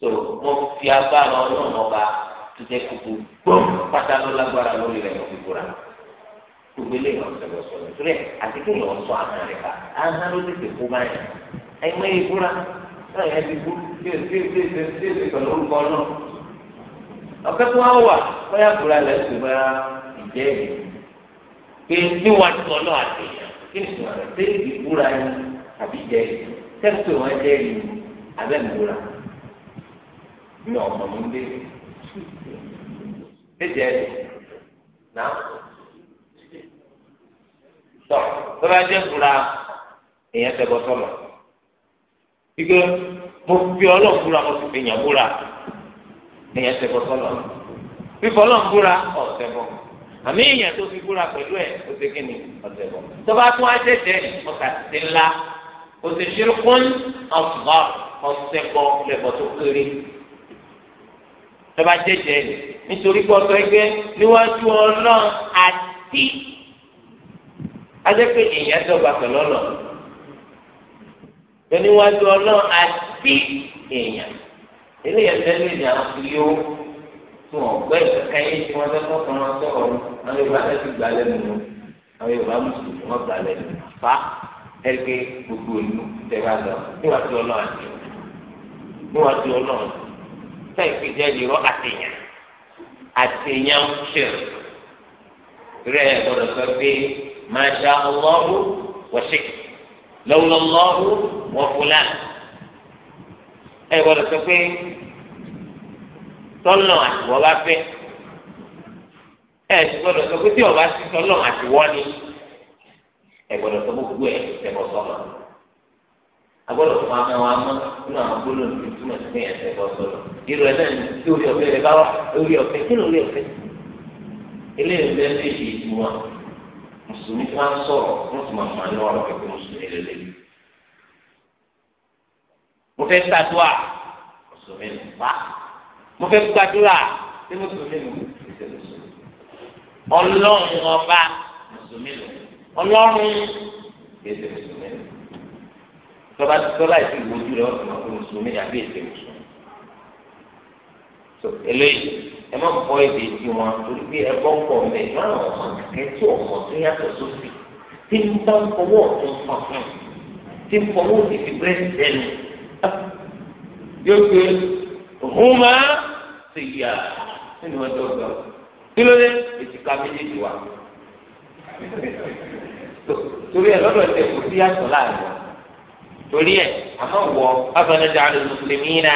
tó mo fi agbára ọlọ́run ọba tó jẹ́ kúkú gbọ́n pátá ló lágbára lórí rẹ̀ mo fi kúra gbogbo eléyìí ọ̀sẹ̀ lọ́sọ̀ rẹ̀ torí ẹ̀ àti kí ìyọ̀ sọ àhán rẹ̀ ká àhán ló tètè kó báyìí ẹ̀yin mọ ìbúra náà yẹn ti bú tí o ti ti ti ti ti pẹ̀lú orúkọ náà ọ̀kẹ́ tó wá wà bóyá ìbúra rẹ̀ ti bá ìjẹ́ ẹ̀ pé níwà tó náà àti kí ni ìwà rẹ̀ pé ìbúra yẹn àbí ìjẹ́ ẹ̀ tẹ́kítì wọn jẹ́ ẹ̀ abẹ́ ìbúra ní ọ̀pọ̀ mọ́ ń dé ẹ̀ jẹ́ ẹ̀ náà tọ tó bá jẹ́ fúra èèyàn tẹ̀bọ̀ sọ̀mọ̀ ike mo fi ọlọ́run búra mo fi fìyàn búra èèyàn tẹ̀bọ̀ sọ̀mọ̀ fífọ ọlọ́run búra ọ̀tẹ̀bọ̀ àmì èèyàn tó fi búra pẹ̀lú ẹ̀ ó ti kíni ọ̀tẹ̀bọ̀ tó bá tún á tẹ̀tẹ̀ ọ̀tà ti ńlá kò sì ṣírkún ọ̀gbà ọ̀sẹ̀bọ̀ lẹ̀bọ̀ tó kéré tó bá nítorí pé ọ̀tọ̀ ẹgbẹ́ níwájú ọlọ́run àti ajẹ́ pé èèyàn dọ́gba pẹ̀lú ọ̀nà oníwájú ọlọ́run àti èèyàn eléyàn tẹ́lẹ̀ ní àwọn fi yó tí wọ́n gbẹ́ ìkẹ́kẹ́ yé tí wọ́n fẹ́ kọ́ wọn sọ̀rọ̀ àwọn yorùbá fẹ́ ti gbà lẹ́nu wọn àwọn yorùbá mùsùlùmí wọ́n gbà lẹ́nu fa ẹgbẹ́ gbogbo ìlú tẹ̀lé àlọ́ níwájú ọlọ́run àti níwájú ọlọ́run tẹ̀sí jẹ́ ìrọ́ àtẹ̀yàn àtẹ̀yàn ṣẹ̀rẹ̀ rẹ̀ gbọ́dọ̀ sọ pé ما شاء الله وشك لولا الله وفلان ẹ ولا sọ pé tọlọ àtiwọ bá fẹ́ ẹ sì gbọ́dọ̀ sọ pé tí ọba sí tọlọ àtiwọ ni ẹ gbọ́dọ̀ sọ gbogbo ẹ tẹbọ sọlọ agbọ́dọ̀ fún amẹ wa mọ nínú àwọn gbólóhùn tó túmọ̀ sí ẹ tẹbọ sọlọ irú ẹ náà ní tí orí ọ̀fẹ́ rẹ bá wà orí ọ̀fẹ́ kí ló rí ọ̀fẹ́ eléyìí ń bẹ ń bẹ ìdí mùsùlùmí tí wọ́n sọ̀rọ̀ wọ́n sì máa máa ní ọ̀rọ̀ pẹ̀lú mùsùlùmí lélẹ̀. mo fẹ́ ṣàdúrà mùsùlùmí lè wá mo fẹ́ gbàdúrà tí mùsùlùmí lè ọlọ́run ọba mùsùlùmí lè ọlọ́run èdè mùsùlùmí lè tọ́ba tọ́lá ìsìn ìwòjú rẹ̀ ọ̀sán ọ̀sán mùsùlùmí àbí èdè mùsùlùmí ẹ má bọ́ èdè tí wọn torí pé ẹ bọ́ ń pọ̀ mẹ́ láwọn ọmọ kẹ̀kẹ́ tí ọmọ tó yàtọ̀ sósì tí ń bá ń fọwọ́ ọ̀tún fọ̀fún tí ń fọwọ́ òsì fi bẹ́ẹ̀ sẹ́nu yóò gbé húmá sí yá nínú ẹjọ́ gbà kí ló dé ètìká méjèèjì wa torí ẹ lọ́dọ̀ ẹ̀ kò sí yàtọ̀ láàrin torí ẹ àmọ́ wọ abẹ́nẹ́dẹ́ alẹ́ náà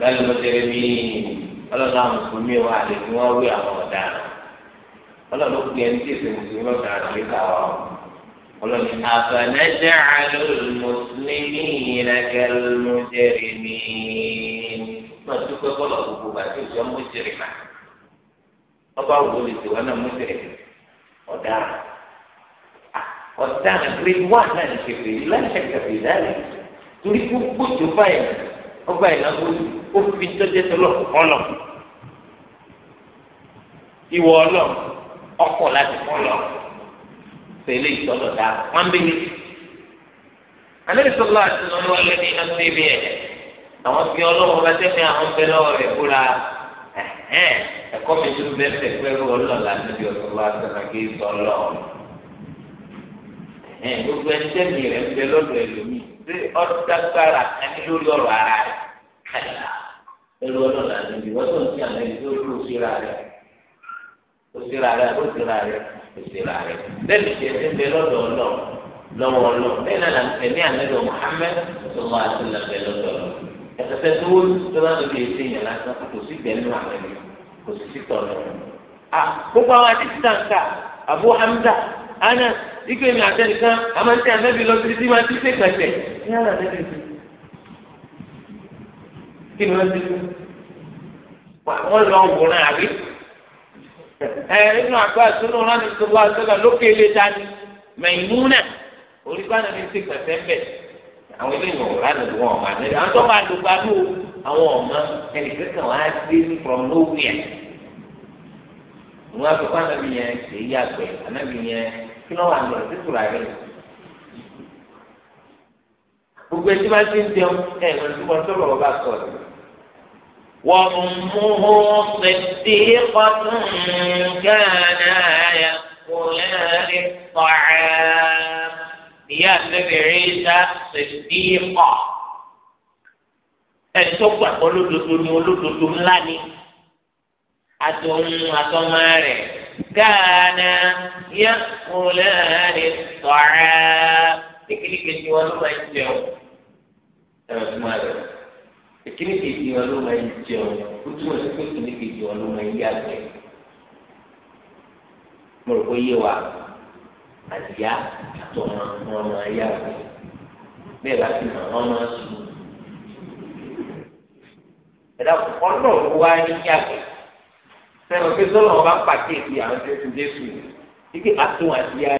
lálẹ́ mùsùlùmí ọlọ́dọ̀ àwọn mùsùlùmí wa lè fi wọ́n wé àwọn ọ̀daràn ọlọ́dọ̀ kú ẹni tí èsè mùsùlùmí ọ̀daràn lè kà wá ọlọ́ni àfẹnẹ́jẹ́ àlùmùsùlùmí ìrẹ́kẹ́lùmùjẹ́rìmí náà dúpẹ́ bọ́lọ̀ gbogbo àti ìjọ mùjẹ́rìmá ọba wo lè tẹ̀wá náà mùjẹ́rìmí ọ̀daràn ọ̀daràn grade one náà ní kẹfẹ́ yìí kẹfẹ́ yìí torí gbogbo tó báyìí ọgbà ìnáwó ó fi tọ́jẹ́ tọ́lọ̀ ọlọ ìwọ ọlọ ọkọ̀ láti ọlọ tẹ̀lé ìtọ́lọ̀ dá pọ́nbélé anẹ́sọ̀lá àti ọmọ ọlẹ́ni ọ̀nẹ́bí ẹ̀ àwọn fi ọlọ́wọ́ bá tẹ́lẹ̀ àwọn bẹ́ẹ̀ lọ́wọ́ rẹ̀ kúra ẹ̀kọ́ mi tún bẹ́ẹ̀ fẹ́ pẹ́rú ọlọ́ọ̀lá níbi ọ̀sán wa sọ̀rọ̀ kí n sọ ọlọ́ọ̀ ẹ gbogbo ẹni tẹ́mi rẹ̀ ń bẹ lọ́dọ̀ ẹlòmíì ṣé ọ̀dàgbára ẹni lórí ọ̀rọ̀ ara rẹ̀ kàlá ẹlú ọlọ́lá níbi wọ́n tó ń tí àná ẹni tó dúró síra rẹ̀ ó síra rẹ̀ ó síra rẹ̀ ó síra rẹ̀ lẹ́nu tí ẹni bẹ lọ́dọ̀ ọlọ́ lọ́wọ́ ọlọ́ bẹ́ẹ̀ náà ẹ̀mí ànẹ́dọ̀ Muhammad tó wà á ti lọ bẹ lọ́dọ̀ ọlọ́ ẹ̀sẹ̀fẹ́ tó wó tó bá lóde èsì yẹn lásán kò sí gbẹ̀mí àmẹ́lẹ́ kò sì sí tọ̀nà. Abu Hamza Anas ike mi àtẹnìkan àmọ́tẹ́ àtẹ́bí lọ sí ti máa ti ṣe pẹ̀tẹ̀ ní àná àtẹ́bí ti. kí ni wọ́n ti kú wọ́n lọ wòran àbí ẹ nínú àgbà sínú ránì tó wá sọ́dọ̀ lókè ilé dání Maimuna oríkọ́ àná mi ti pẹ̀tẹ̀ bẹ̀ àwọn eléyìí wọn ránì wọn ọ̀ma nílẹ̀ àwọn tó máa lò gbàdú àwọn ọ̀ma ẹnìkẹ́kẹ́ wọn á dé from nowhere wọn á fi kọ́ àná mi yẹn ṣèyí àgbẹ̀ àná yẹn kí ló wà lọ sí tùrà rẹ gbogbo ẹtí bá ti ń jẹun ẹ ẹ lọ sí tó lọ bá sọ ọ wọ́n mú ṣètì pọ̀tún gánà yà kó lẹ́rìí pọ̀ọ́ ìyá àtẹ̀bẹ̀rẹ̀ ìta ṣètì pọ̀ ẹ̀tọ́ gbàgbọ́ lódodo ni olódodo ńlá ni àtọ̀hún àtọ́mọ́ rẹ̀. كانا يأكلان الطعام ìkíní kejì wọn ló máa ń jẹun ẹ̀rọ tó máa rẹ̀ ìkíní kejì wọn ló máa ń jẹun ó túmọ̀ sí pé ìkíní kejì wọn ló máa ń yàgbẹ́ mo rò pé yé wa àdìyá àtọmọ wọn máa yàgbẹ́ bẹ́ẹ̀ bá ti mọ̀ wọn máa sùn ẹ̀dá ọ̀nà òwú wa ń yàgbẹ́ sẹ́nu pé sọ́nà ọba pàkíyèsí àwọn tí ó ti Jésù yìí ike àtúnwàsí